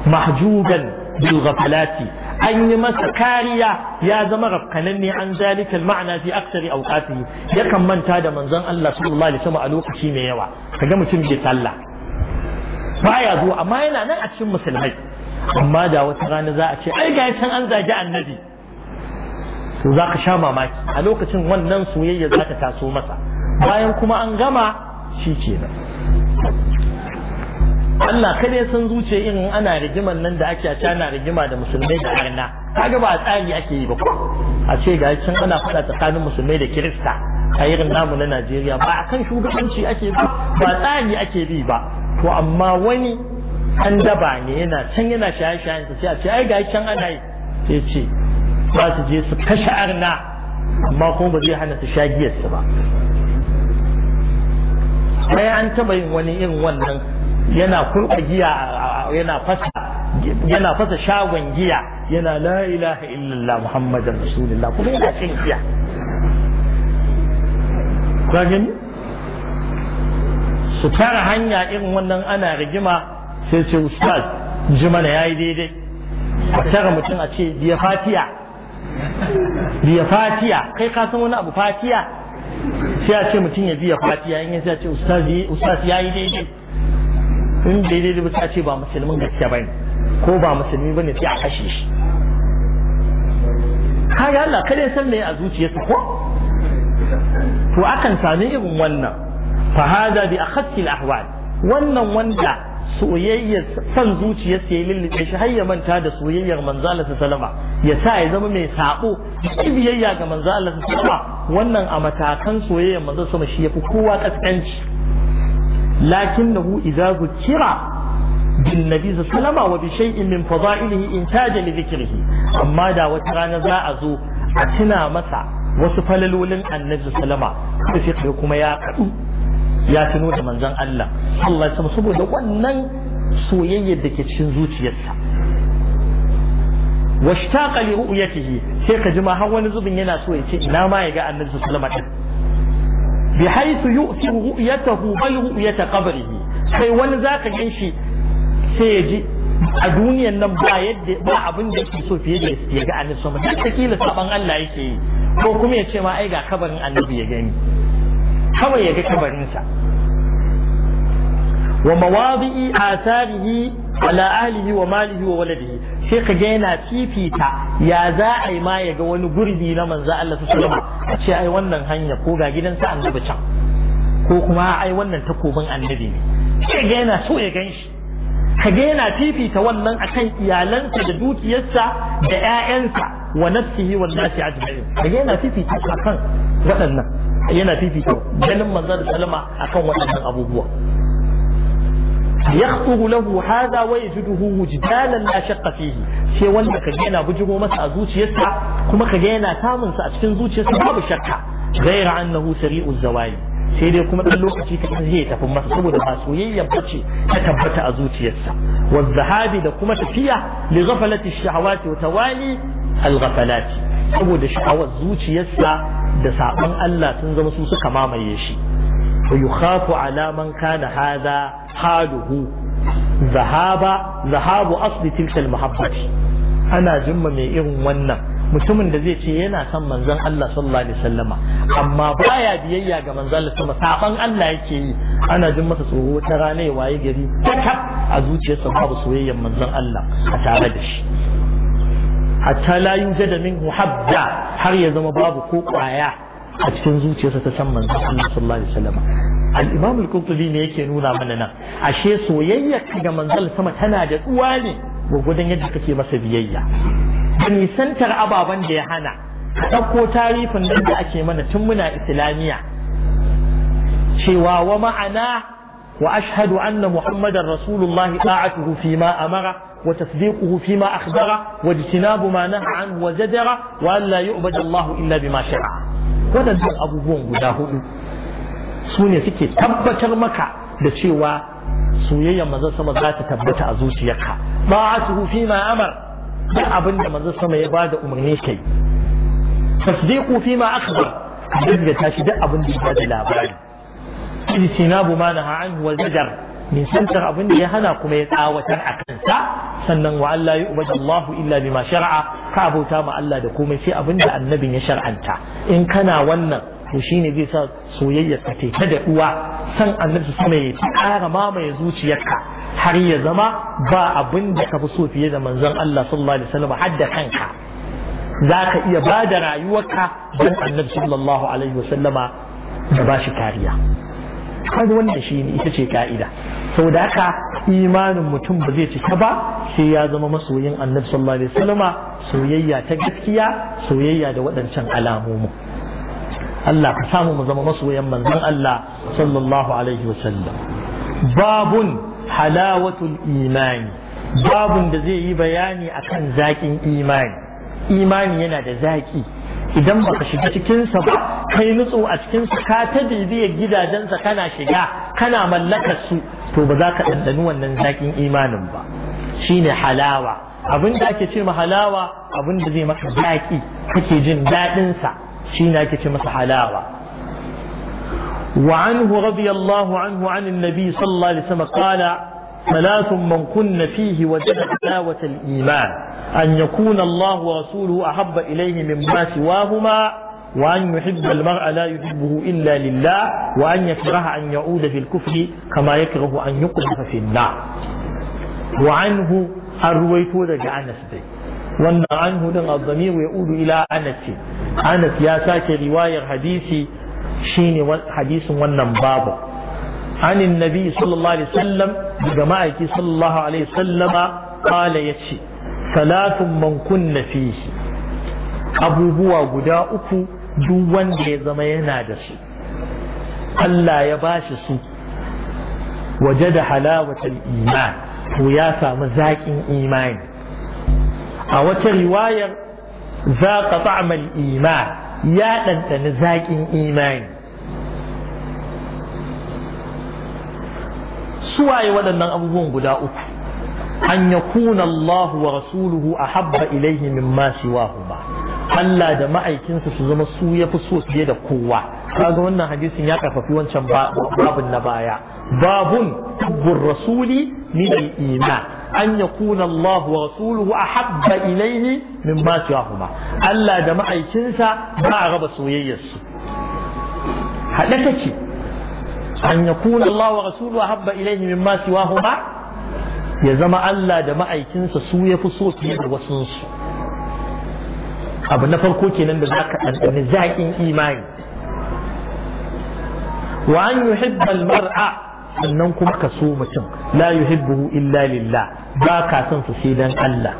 mahjuban bil ghafalati an yi masa kariya ya zama rafkanan ne an zalika ma'ana fi aksari yi. yakan manta da manzon Allah sallallahu alaihi wasallam a lokaci mai yawa kaga mutum bai sallah baya zo, amma yana nan a cikin musulmai amma da wata rana za a ce ai ga can an zagi annabi to za ka sha mamaki a lokacin wannan soyayya za ta taso masa bayan kuma an gama shi kenan Allah kada ya san zuciya irin ana rigimar nan da ake a cana rigima da musulmai da arna kaga ba tsari ake yi ba a ce ga can ana faɗa tsakanin musulmai da kirista a irin namu na Najeriya ba akan shugabanci ake bi ba tsari ake bi ba to amma wani an daba ne yana can yana shaye-shayen ce a ce ai ga can ana yi sai ce ba su je su kashe arna amma kuma ba zai hana su sha giyarsu ba sai an taba yin wani irin wannan yana kurba giya yana fasa yana fasa shagon giya yana la ilaha illallah muhammadar rasulullah kuma yana cin giya ka gani su tara hanya irin wannan ana rigima sai ce ustaz ji mana yayi daidai a tara mutum a ce biya fatiya biya fatiya kai ka san wani abu fatiya sai a ce mutum ya biya fatiya in ya ce ustaz ya yi daidai in daidai ba ta ce ba musulmin gaske bane ko ba musulmi bane sai a kashe shi kai Allah kada san me a zuciyarsa ko to akan sami irin wannan fa hada bi akhatti al wannan wanda soyayyar san zuciyarsa ya lullube shi har ya manta da soyayyar manzo Allah sallama ya sa ya zama mai sabo biyayya ga manzo Allah sallama wannan a matakan soyayyar manzo sama shi yafi kowa kaskanci لكنه إذا ذكر بالنبي صلى الله عليه وسلم وبشيء من فضائله إنتاجا لذكره أما دا a زاعزو أتنا مسع وسفللولن النبي صلى الله عليه وسلم فقهكم يا قدو ya tuno da manzon Allah Allah ya saboda wannan soyayyar da ke cikin zuciyarsa washtaqa li ru'yatihi sai ka ji ma har wani zubin yana so ya ce ina ma ya ga annabi sallallahu bi haythu yu'tiru ru'yatahu bal ru'yata qabrihi sai wani zaka gan shi sai ya ji a duniyan nan ba yadda ba abin da yake so fiye da ya ga annabi sama duk takila saban Allah yake yi ko kuma ya ce ma ai ga kabarin annabi ya gani kawai ya ga kabarinsa wa mawadi'i atharihi ala ahlihi wa malihi wa waladihi sai ka ga yana fifita ya za a yi ma ya ga wani gurbi na manzo Allah su sallama a ce ai wannan hanya ko ga gidansa annabi can ko kuma ai wannan takobin annabi ne sai ga yana so ya gan shi ka ga yana fifita wannan akan iyalansa da dukiyarsa da ƴaƴansa wa nafsihi wa nasi ajma'in ka ga yana fifita akan waɗannan yana fifita ganin manzo da sallama akan waɗannan abubuwa يخطر له هذا ويجده وجدانا لا شق فيه شيء وانا كجينا بجمو مسا زوتي كما كجينا تامن سأشكن زوتي يسا ما غير أنه سريع الزواج سيدي كما تلو كتي تنزيه تفو مصبو دفع سويه يبتشي تتبت أزوتي والذهاب دا كما تفيه لغفلة الشهوات وتوالي الغفلات أبو دا شعوات زوتي يسا دا تنزم سوسك ماما يشي ويخاف على من كان هذا حاله ذهاب ذهاب أصل تلك Ana jimma mai irin wannan. mutumin da zai ce yana son manzon Allah sallallahu alaihi wasallama amma baya biyayya ga manzon Allah sama saban Allah yake yi ana jin masa tsoro ta rana ya waye gari kakaf a zuciyarsa babu soyayyar manzon Allah a tare da shi hatta la yujada minhu habda har ya zama babu ko kwaya a cikin zuciyarsa ta san manzon Allah sallallahu alaihi wasallam al-Imam al-Qurtubi ne yake nuna mana nan ashe soyayya ga manzon sama tana da tsuwa ne gwagwadon yadda kake masa biyayya da nisantar ababen da ya hana ka ɗauko tarifin nan da ake mana tun muna islamiyya cewa wa ma'ana wa ashhadu anna muhammadan rasulullahi ta'atuhu fi ma amara وتصديقه فيما أخبره واجتناب ما نهى عنه وزجر وأن لا يعبد الله إلا بما شرع waɗannan abubuwan guda hudu su ne suke tabbatar maka da cewa soyayya manzon sama za ta tabbata a zuciyarka ba'atuhu fi ma amar duk abin da manzon sama ya bada umarni kai tasdiqu fi ma akhbar duk da tashi duk abin da ya bada labari ijtinabu ma naha anhu wal zajar Minsantar abin ya hana kuma ya tsawatar a kansa sannan wa Allah ya ubada Allah illa bima shar'a ka abota ma Allah da komai sai abin annabin ya shar'anta in kana wannan to shine zai sa soyayya ka ta da uwa san annabi sama ya ta ƙara mamaye zuciyarka har ya zama ba abin da ka fi so fiye da manzon Allah sallallahu alaihi wasallam har da kanka za ka iya ba da rayuwarka don annabi sallallahu alaihi wasallama da ba shi kariya har wanda shi ne ita ce ka'ida da haka imanin mutum ba zai cika ba sai ya zama masoyin annabi sallallahu alaihi wasallama soyayya ta gaskiya soyayya da waɗancan alamomi. Allah ka samu mu zama masoyan manzon Allah sallallahu alaihi wasallam babun halawatul imani babun da zai yi bayani akan zakin imani imani yana da zaki idan baka shiga cikinsa ba kai nutsu a cikinsa ka ta bibiyar gidajensa kana shiga kana mallakar su to ba za ka ɗanɗani wannan zaƙin imanin ba shine halawa abin da ake ce ma halawa abin da zai maka zaƙi kake jin daɗinsa shine ake ce masa halawa wa رضي الله anhu عن النبي صلى الله عليه ثلاث من كن فيه وجد حلاوة الإيمان أن يكون الله ورسوله أحب إليه مما سواهما وأن يحب المرء لا يحبه إلا لله وأن يكره أن يعود في الكفر كما يكره أن يقذف في النار وعنه الرويت رجع أنس دي وأن عنه لغة الضمير يؤول إلى أنس أنس يا ساكي رواية حديثي شيني حديث ونن بابه anin nabi sallallahu alaihi wasallam daga ma'aiki sallallahu alaihi wasallama kala ya ce salatun man kunna fihi abubuwa guda uku duk wanda ya zama yana da su Allah ya bashi su waje da halawatul iman to ya samu zaƙin imani a wata riwayar za ka iman ya ɗanɗani zaƙin imani suwaye waɗannan abubuwan guda uku an kuna Allah wa rasuluhu ahabba ilaihi mimma siwahuma Allah da ma'aikinsa su zama su ya fi so fiye da kowa kaga wannan hadisin ya karfafi wancan babun na baya babun hubbur rasuli min al ima. an kuna Allah wa rasuluhu ahabba ilayhi mimma siwahuma Allah da ma'aikinsa ba a raba soyayyarsu haɗe take an yakuna Allah wa rasuluhu habba ilayhi mimma siwahuma ya zama Allah da ma'aikinsa su ya fi so fiye da wasu su abu na farko kenan da zaka ɗanɗani zaƙin imani wa an yi al-mar'a sannan kuma ka so mutum la yuhibbuhu illa lillah ba ka son su sai dan Allah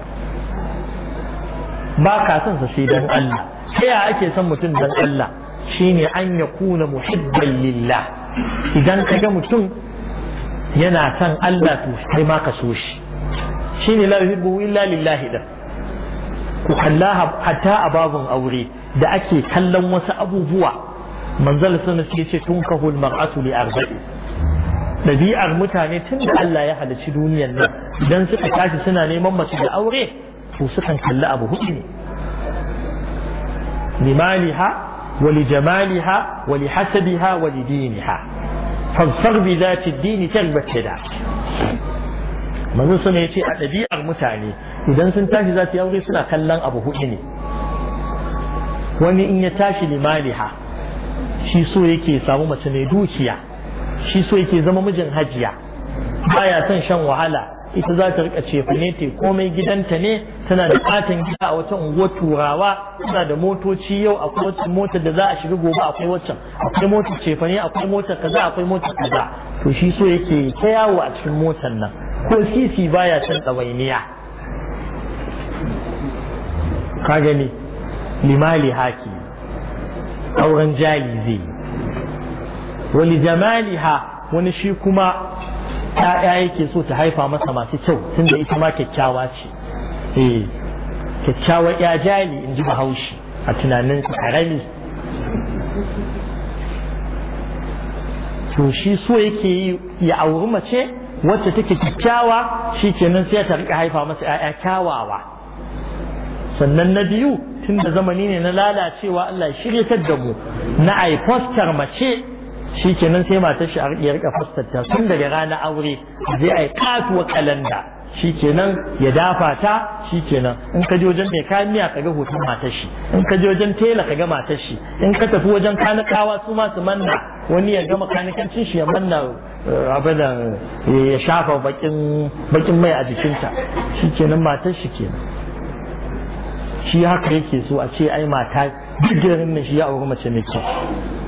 ba ka son su sai dan Allah sai ake son mutum dan Allah shine an yakuna muhibban lillah idan ka ga mutum yana son Allah to kai ma ka so shi shine la yuhibbu illa lillahi da ku kalla hatta a babun aure da ake kallon wasu abubuwa manzal sunan sai ce tun ka mar'atu li arba'i dabi'ar mutane tun da Allah ya halarci duniyar nan idan suka tashi suna neman mace da aure to sukan kalli abu hudu ne limaliha ولجمالها ولحسبها ولدينها فالصغ بذات الدين تغبت هدا منو سنة يتي أدبي أغمتاني إذن سنتاش ذات يلغي سنة كلن أبو هؤني وني إن يتاشي لمالها شي سويكي سامو متنيدوكيا شي سويكي زمم جنهجيا بايا تنشن وعلا ita za ta rika cefane ne te komai gidanta ne tana da katin gida a wata unguwar turawa tana da motoci yau akwai wata motar da za a shiga gobe akwai waccan akwai motar cefa akwai motar kaza akwai motar kaza to shi so yake ta yawo a cikin motar nan ko sisi baya can tsawainiya ka gani limali haki auren jali zai wani jamaliha wani shi kuma 'ya'ya yake so ta haifa masa masu kyau tun da ita ma kyakkyawa ce e eh, kyakkyawa ya jali in ji bahaushe a tunanin karami to shi so yake yi ya auri mace wacce take kyakkyawa shi kenan sai ta rika haifa masa 'ya'ya kyawawa sannan na biyu tun da zamani ne na lalacewa Allah shirya da mu na ai mace shi kenan sai matar shi ya rika fassarta tun daga rana aure zai ai katuwa kalanda shi kenan ya dafa ta shi kenan in ka je wajen mekaniya ka ga hoton matar shi in ka je wajen tela ka ga matar shi in ka tafi wajen kanikawa su ma manna wani ya gama kanikancin shi ya manna eh, abinan eh, ya shafa bakin mai a jikinta shi kenan matar shi kenan shi haka yake so a ce ai mata duk gidan shi ya auri mace mai kyau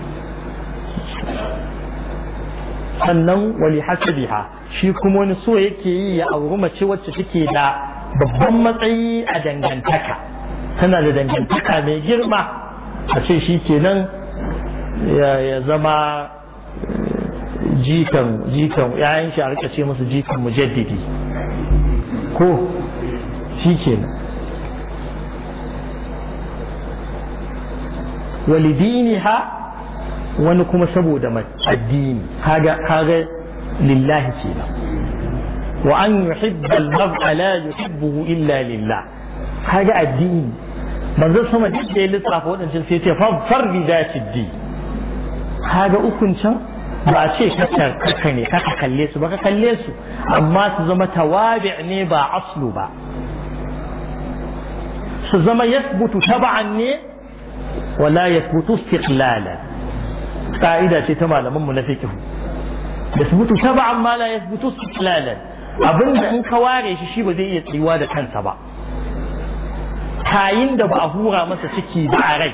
sannan wani haka hasabiha shi kuma wani so yake yi ya auri mace wacce take da babban matsayi a dangantaka tana da dangantaka mai girma a ce shi kenan ya zama eh, jikan jikan yayan shi a rika ce musu jikan mujaddidi ko shi kenan ha. wani kuma saboda addini kaga kaga lillahi kenan wa an yuhibba al-mar'a la yuhibbuhu illa lillah kaga addini manzo sama duk da ya lissafa wadancan sai ce fafar bi dati di kaga ukun can ba a ce kakar kaka ne kaka kalle su ba ka kalle su amma su zama tawabi ne ba aslu ba su zama yasbutu tab'an ne wala yasbutu istiqlalan ka'ida ce ta malaman mu na fiqh da su mutu taba amma la yathbutu istilalan abinda in ka ware shi shi ba zai iya tsayuwa da kansa ba kayin da ba a hura masa ciki ba a rai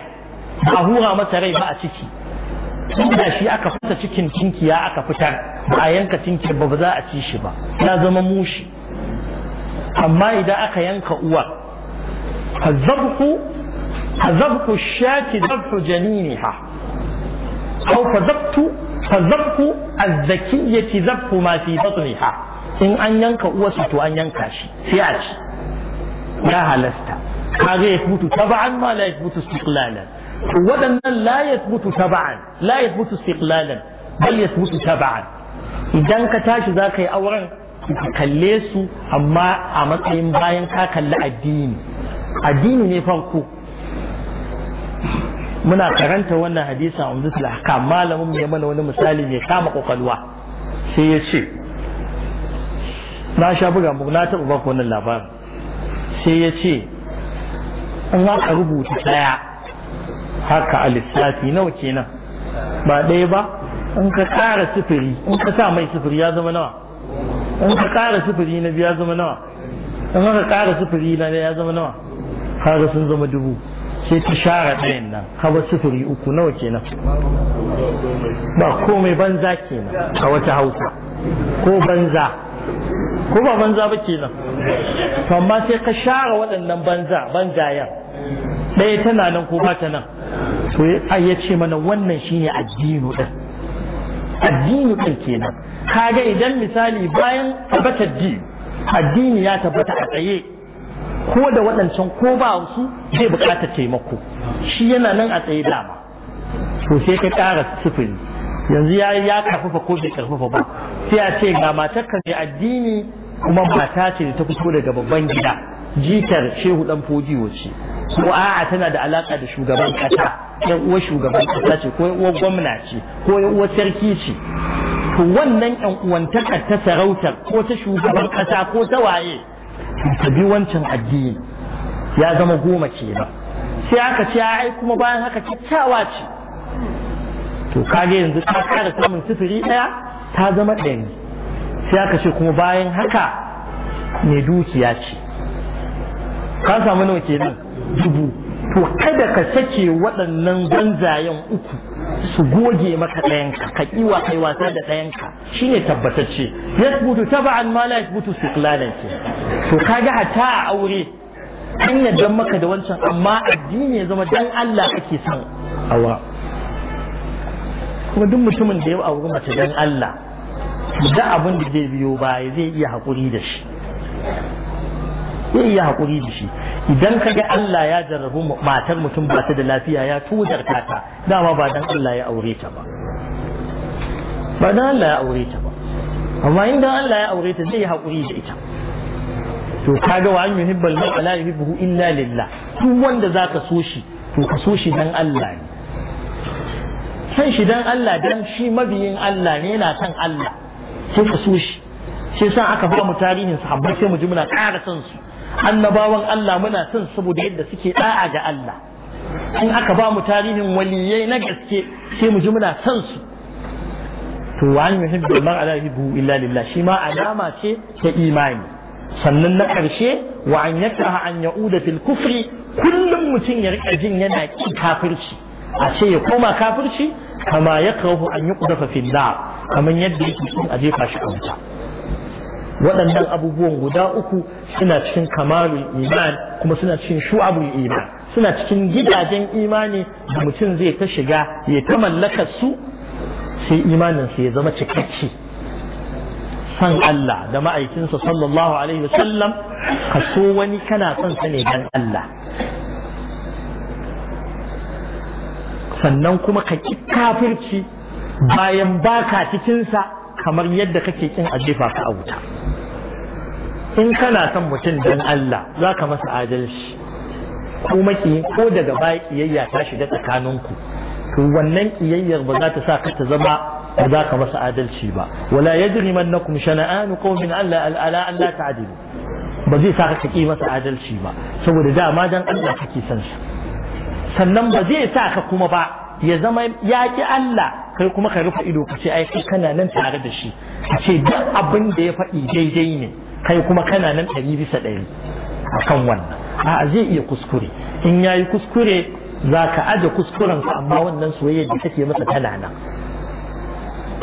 ba a hura masa rai ba a ciki inda shi aka fita cikin cinkiya aka fitar ba a yanka cinkiyar ba ba za a ci shi ba ya zama mushi amma idan aka yanka uwar fazabku hazabku shaki zabhu janiniha أو فذبت فذبح الذكية ذبح ما في بطنها إن أن ينكا وسط أن ينكا شي سياج لا هلست هذا يثبت تبعا ما لا يثبت استقلالا ودنا لا يثبت تبعا لا يثبت استقلالا بل يثبت تبعا إذا ka ذاك za ka yi أما ka باين كاكا amma a matsayin bayan muna karanta wannan hadisa a umdatul ahkam malamin ya mana wani misali mai kama kokalwa sai ya ce na sha buga mu na taɓa baku wannan labarin sai ya ce in aka rubuta daya haka a lissafi nawa kenan ba ɗaya ba in ka kara sifiri in ka sa mai sifiri ya zama nawa in ka kara sifiri na biya zama nawa in ka kara sifiri na ya zama nawa kaga sun zama dubu sai ta share ɗayan nan hawa sufuri uku nawa kenan ba komai banza kenan a wata hausa ko banza ko ba banza ba kenan to amma sai ka share waɗannan banza yan ɗaya tana nan ko ba ta nan to ya ce mana wannan shine addinu din. addinu din kenan kaga idan misali bayan tabbatar addini ya tabbata a tsaye ko da waɗancan ko ba su zai buƙatar taimako shi yana nan a tsaye dama to sai ka ƙara sufuri yanzu ya ya karfafa ko bai karfafa ba sai a ce ga matar kan addini kuma mata ce da ta fito daga babban gida jikar shehu ɗan foji wace ko a'a tana da alaka da shugaban kasa ɗan uwa shugaban kasa ce ko uwa gwamna ce ko uwa sarki ce to wannan yan uwantaka ta sarautar ko ta shugaban ƙasa ko ta waye ka bi wancan addini ya zama goma kenan sai aka ce ai kuma bayan haka kyakkyawa ce to kage yanzu ta kara samun sifiri daya ta zama ɗari sai aka ce kuma bayan haka mai dukiya ce ka samu nawa kenan dubu to kada ka sake waɗannan zanzayen uku su goge maka ɗayanka ka wa kai wasa da ɗayanka Shi shine tabbatacce yasbutu taba'an ma la butu su ke to kaga hatta a aure an don maka da wancan amma addini ya zama dan Allah kake son awa kuma duk mutumin da ya auri mace dan Allah da abin da zai biyo ba zai iya haƙuri da shi ya iya haƙuri da shi idan ka ga Allah ya jarrabu matar mutum ba ta da lafiya ya tudarta ta dama ba dan Allah ya aure ta ba ba dan Allah ya aure ta ba amma in dan Allah ya aure ta zai haƙuri da ita to kaga wa an yuhibbal mar'a la yuhibbu illa lillah duk wanda zaka so shi to ka so shi dan Allah ne san shi dan Allah dan shi mabiyin Allah ne yana san Allah sai ka so shi sai san aka ba mu tarihin sahabbai sai mu ji muna ƙara son su annabawan Allah muna son saboda yadda suke da'a ga Allah in aka ba mu tarihin waliyai na gaske sai mu ji muna son su to wa an yuhibbu al ala yuhibbu illa lillah shi ma alama ce ta imani sannan na karshe wa an yakraha an ya'uda fil kufri kullum mutum ya rika jin yana ki kafirci a ce ya koma kafirci kama yakrahu an yuqdafa fil nar kamar yadda yake son a jefa shi wuta waɗannan abubuwan guda uku suna cikin kamalul iman kuma suna cikin shu'abul iman suna cikin gidajen imani da mutum zai ta shiga ya ta mallakar su sai imanin ya zama cikakke san Allah da ma'aikinsa sallallahu alaihi wasallam ka so wani kana son sa ne dan Allah sannan kuma ka ki kafirci bayan baka cikinsa kamar yadda kake kin a jefa ka a wuta in kana son mutum don Allah za ka masa adalci ko maki ko daga baya kiyayya ta shiga tsakaninku to wannan kiyayyar ba za ta sa ka ta zama ba za ka masa adalci ba wala yajrimannakum shana'anu qawmin alla ala an la ta'dilu ba zai sa ka ki masa adalci ba saboda dama dan Allah kake son shi sannan ba zai sa ka kuma ba ya zama ya ƙi Allah kai kuma ka rufe ido ka ce ai kana nan tare da shi a ce duk abin da ya faɗi daidai ne kai kuma kana nan ɗari bisa ɗari a kan wannan a zai iya kuskure in ya yi kuskure za ka aje kuskuren ka amma wannan soyayya da kake masa tana nan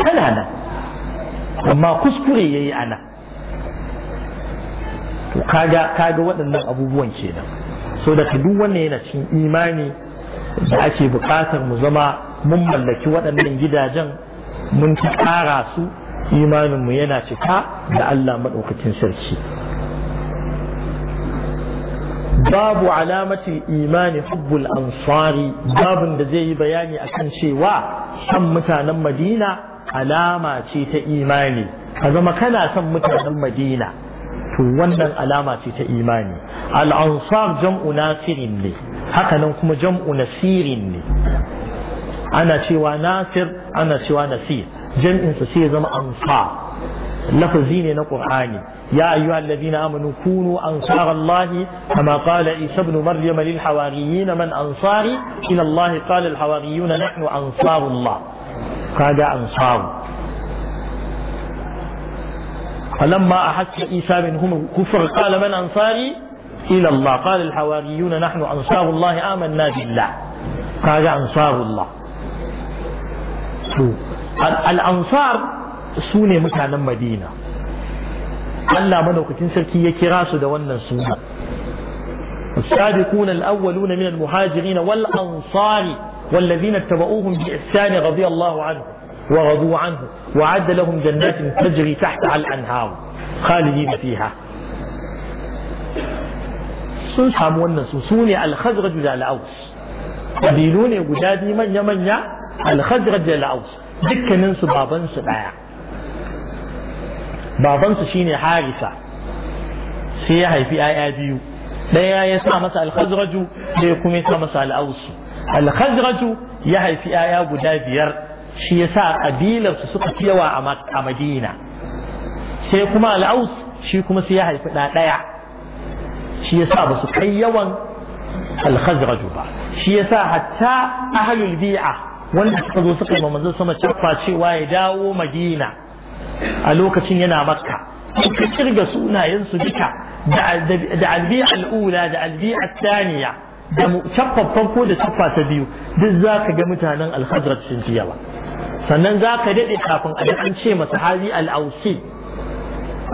tana nan amma kuskure ya yi ana to kaga kaga waɗannan abubuwan kenan so da duk wannan yana cin imani da ake buƙatar mu zama mun mallaki waɗannan gidajen mun ta ƙara su imanin mu yana cika da Allah maɗaukacin sarki babu alamatin imani hubbul ansari babun da zai yi bayani akan cewa san mutanen madina alama ce ta imani ka zama kana san mutanen madina to wannan alama ce ta imani al'ansar jam'u nasirin ne hakanan kuma jam'u nasirin ne ana cewa nasir ana cewa nasir جمعنسا سي زما انصار لفظين القران يا ايها الذين امنوا كونوا انصار الله كما قال عيسى ابن مريم للحواريين من انصاري الى الله قال الحواريون نحن انصار الله قال انصار فلما احس عيسى منهم كفر قال من انصاري الى الله قال الحواريون نحن انصار الله امنا بالله قال انصار الله الأنصار سوني مكان مدينة الله من وقت سلكي يكراس دوانا سونا السابقون الأولون من المهاجرين والأنصار والذين اتبعوهم بإحسان رضي الله عنه ورضوا عنه وعد لهم جنات تجري تحت على الأنهار خالدين فيها سوني حامونا سوني الخزرج لأوس قبيلوني وجادي من يمن الخزرج الأوس dukkaninsu babansu ɗaya babansu shine harisa sai ya haifi 'ya'ya biyu ɗaya ya sa masa alkhazraju ɗaya kuma ya sa masa al'ausu alkhazraju ya haifi 'ya'ya guda biyar shi ya sa ƙabilarsu suka fi yawa a madina sai kuma al'aus shi kuma sai ya haifi ɗaya shi ya sa ba su kai yawan alkhazraju ba shi ya sa hatta ahalul bi'a wanda suka zo suka yi ma manzon sama caffa cewa ya dawo madina a lokacin yana makka suka kirga sunayensu duka da albi'a al'ula da albi'a taniya da caffan farko da caffa ta biyu duk za ka ga mutanen alhazrat sun fi yawa sannan za ka daɗe kafin a an ce masa hali al'ausi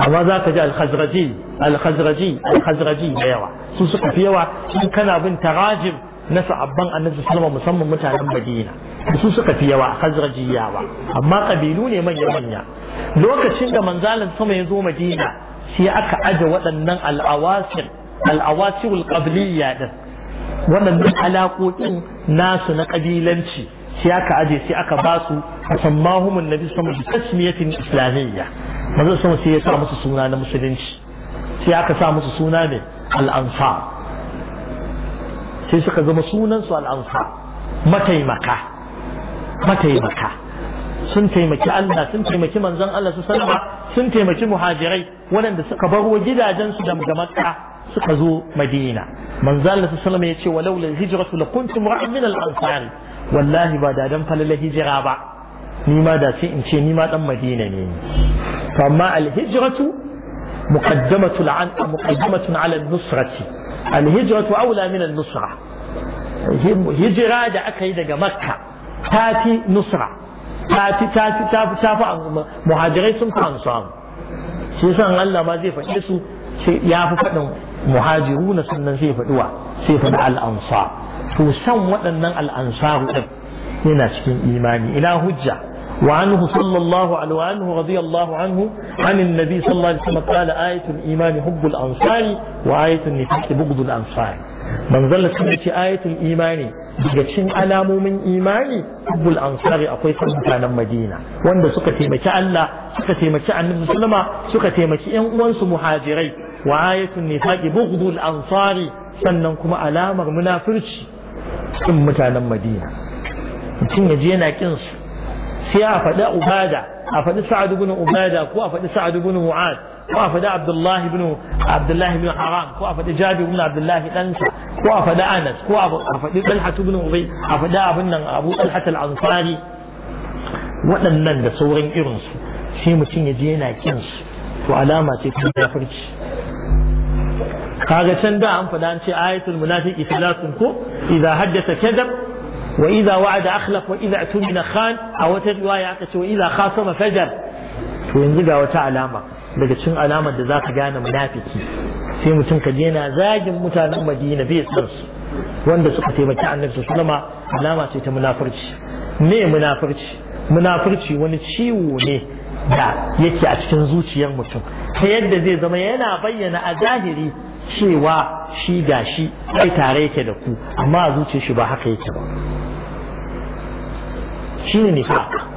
amma za ka ji alhazraji alhazraji alhazraji da yawa su suka fi yawa in kana bin tarajim na sa'abban annabi sallama musamman mutanen madina su suka fi yawa hazrajiyawa amma kabilu ne manya manya lokacin da manzalin sama ya zo madina sai aka aje waɗannan al'awasir al'awasirul qabliyya din waɗannan alaƙoƙin nasu na ƙabilanci sai aka aje sai aka ba su musammahumun nabi sama bi tasmiyatin islamiyya manzo sama sai ya sa musu suna na musulunci sai aka sa musu suna ne al sai suka zama sunan su mataimaka mataimaka sun taimaki Allah sun taimaki manzon Allah su sallama sun taimaki muhajirai waɗanda suka baro gidajensu da Makka suka zo Madina manzon Allah su sallama yace walau lal hijratu lakuntum ra'in min al ansar wallahi ba da dan falala hijira ba ni ma da sai in ce ni ma dan Madina ne to amma al hijratu muqaddamatu al muqaddamatun ala al nusrati al hijratu aula min al nusra hijira da aka yi daga Makka ta fi nusra ta fi muhajirai sun fi ansaru sai san Allah ma zai faɗe su sai ya fi faɗin muhajiru na sannan sai faɗi wa sai faɗi to san waɗannan al'ansaru ɗin yana cikin imani ina hujja وعنه صلى الله عليه وعنه رضي الله عنه عن النبي صلى الله عليه وسلم قال آية الإيمان حب الأنصار وآية النفاق بغض الأنصار manzon sun ce ayatul imani daga cikin alamomin imani hubbul ansari akwai san mutanen madina wanda suka taimaki Allah suka taimaki annabi sallama suka taimaki yan uwansu muhajirai wa ayatul nifaqi bughdul ansari sannan kuma alamar munafirci sun mutanen madina mutum ya je yana kin su sai a faɗi ubada a faɗi sa'ad ibn ubada ko a faɗi sa'ad ibn mu'ad ko a faɗi abdullahi ibn abdullahi ibn haram ko a faɗi jabir ibn abdullahi ɗansa ko a faɗi anas ko a faɗi talhatu ibn ubay a faɗi abin nan abu talhat al-ansari waɗannan da sauran irinsu sai mutum ya je yana kin su to alama ce ta kafirci kaga can da an faɗa an ce ayatul munafiqi salatun ko idza haddatha kadab wa idza wa'ada akhlaf wa idza atumina khan a wata riwaya aka ce wa idza khasama fajar to yanzu ga wata alama daga cin alamar da za ka gane munafiki sai mutum ka yana zagin mutanen madina bai san su wanda suka taimaki annabi sallama alama ce ta munafurci me munafurci munafurci wani ciwo ne da yake a cikin zuciyar mutum ta yadda zai zama yana bayyana a zahiri cewa shi ga shi kai tare yake da ku amma a zuciyar shi ba haka yake ba shine nisa.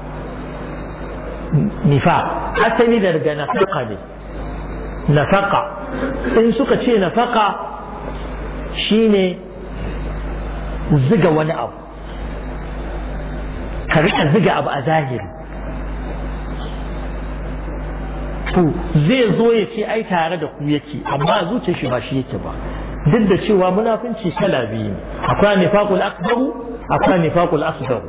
nifa asali daga nafaka ne nafaka in suka ce nafaka shine ziga wani abu ka rika ziga abu a zahiri to zai zo ya ce ai tare da ku yake amma zuciyar shi ba shi yake ba duk da cewa munafunci kala biyu ne akwai nifaqul akbaru akwai nifaqul asghar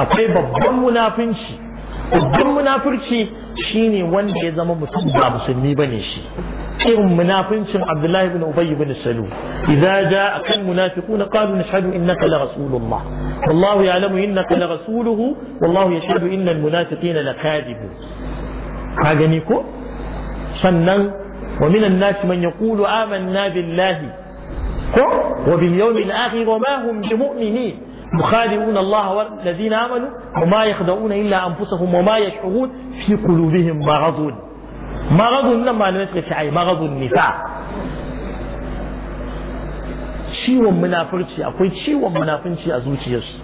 akwai babban munafunci babban munafurci shine wanda ya zama mutum ba musulmi bane shi irin munafincin Abdullahi ibn Ubay ibn Salul idza jaa kan munafiquna qalu nashhadu innaka la rasulullah wallahu ya'lamu innaka la rasuluhu wallahu yashhadu innal munafiqina lakadibun ka gani ko sannan wa minan nasi man yaqulu amanna billahi ko wa bil yawmil akhir wa ma hum bimu'minin يخادعون الله والذين آمنوا وما يخدعون إلا أنفسهم وما يشعرون في قلوبهم مرض مرض لما نترك أي مرض النفاق ciwon munafurci akwai ciwon munafunci a zuciyarsu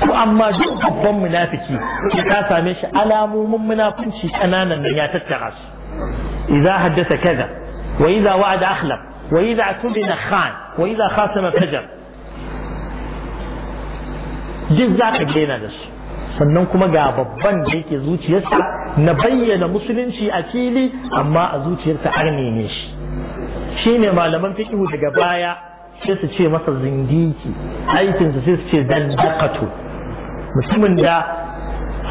to amma duk babban munafiki ka same shi alamomin munafunci kananan nan ya tattara su idza haddatha kaza wa idza wa'ada akhlaf wa idza tumina khan wa idza khasama fajar duk za ka daina da su sannan kuma ga babban da yake zuciyarsa na bayyana musulunci a fili amma a zuciyarsa arne ne shi shine malaman fiqhu daga baya sai su ce masa zindiki aikin aikinsa sai su ce dan dandakatu mutumin da azhara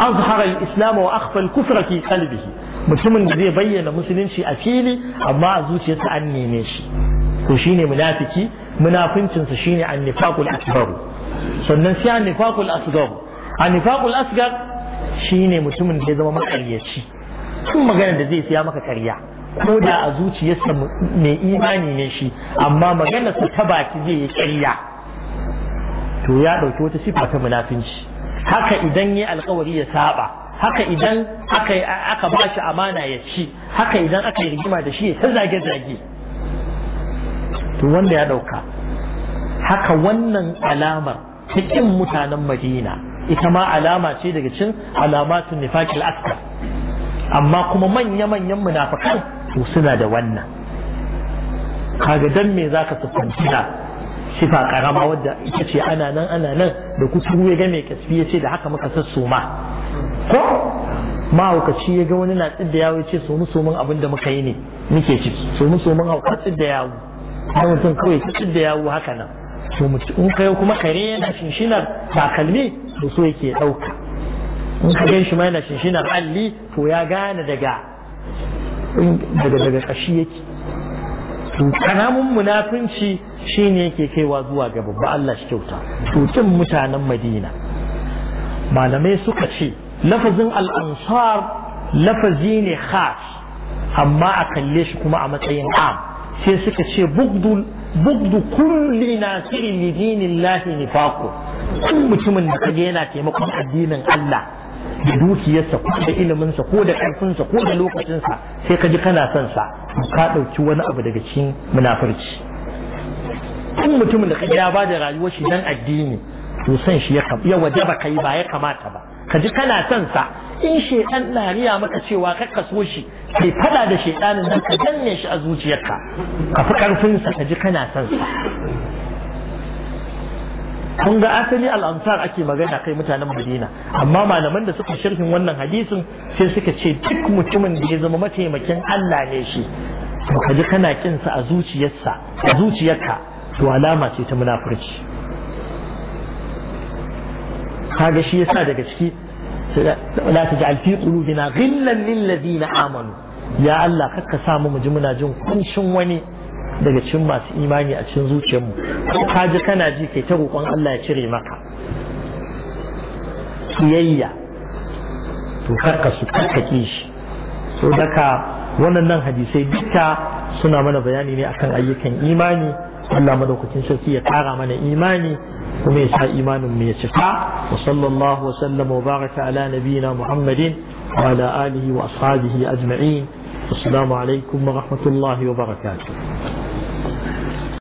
أظهر الإسلام وأخفى الكفر fi qalbihi mutumin da zai bayyana musulunci a fili amma a zuciyarsa an neme shi to shine munafiki munafincin sa shine annifaqul akbaru sannan sai A nifakul Asgar shi ne mutumin da ya zama makaryaci tun magana da zai siya maka karya ko da a zuciyarsa mai imani ne shi amma maganarsa ta baki zai yi karya to ya ɗauki wata sifa ta munafinci haka idan ya alkawari ya saba haka idan aka ba shi amana ya ci haka idan aka yi rigima da shi ta zage-zage to wanda ya ɗauka haka wannan alamar cikin mutanen madina ita ma alama ce daga cin alamatun nifakil akbar amma kuma manya-manyan munafikan to suna da wannan kaga dan me zaka tsufanci da sifa karama wadda ita ce ana nan ana nan da kuturu ya ga mai kasbi ya ce da haka muka sassoma ko mahaukaci ya ga wani na tsidda yawo ya ce somu somun abin da muka yi ne muke ciki somu mun hauka tsidda yawo mutum kawai tsidda yawo haka nan to in kai kuma kare yana shinshinar takalmi to so yake ɗauka in ka gan shi ma yana shinshinar alli to ya gane daga daga daga kashi yake to kanamun munafunci shine yake kaiwa zuwa ga babba Allah shi kyauta to mutanen Madina malamai suka ce lafazin al-ansar lafazi ne khas amma a kalle shi kuma a matsayin am sai suka ce bugdul bugdu kulli nasirin li dinillahi nifaqu kun mutumin da kaje yana taimakon addinin Allah da dukiyarsa ko da iliminsa ko da ƙarfinsa ko da lokacinsa sai ka ji kana son sa ka ɗauki wani abu daga cikin munafurci kun mutumin da kaje ya ba da rayuwar shi dan addini to san shi ya wajaba kai ba ya kamata ba ka ji kana son sa in shedan na riya maka cewa ka so shi kai fada da shedanin nan ka danne shi a zuciyarka ka fi karfin sa ka ji kana son sa kun ga asali al'amsar ake magana kai mutanen madina amma malaman da suka sharhin wannan hadisin sai suka ce duk mutumin da ya zama mataimakin allah ne shi to ka ji kana kinsa a zuciyarsa a zuciyarka to alama ce ta munafurci kaga shi yasa daga ciki la taj'al fi qulubina ghillan lil ladina amanu ya Allah kakka samu mu ji muna jin kunshin wani daga cikin masu imani a cikin zuciyarmu ko ka ji kana ji kai ta roƙon Allah ya cire maka kiyayya to karka su karka shi so daga wannan hadisai duka suna mana bayani ne akan ayyukan imani Allah madaukakin sarki ya ƙara mana imani kuma ya sa imanin mu ya cika wa sallallahu wa sallama wa baraka ala nabiyina muhammadin wa ala alihi wa ashabihi ajma'in assalamu alaikum wa rahmatullahi wa barakatuh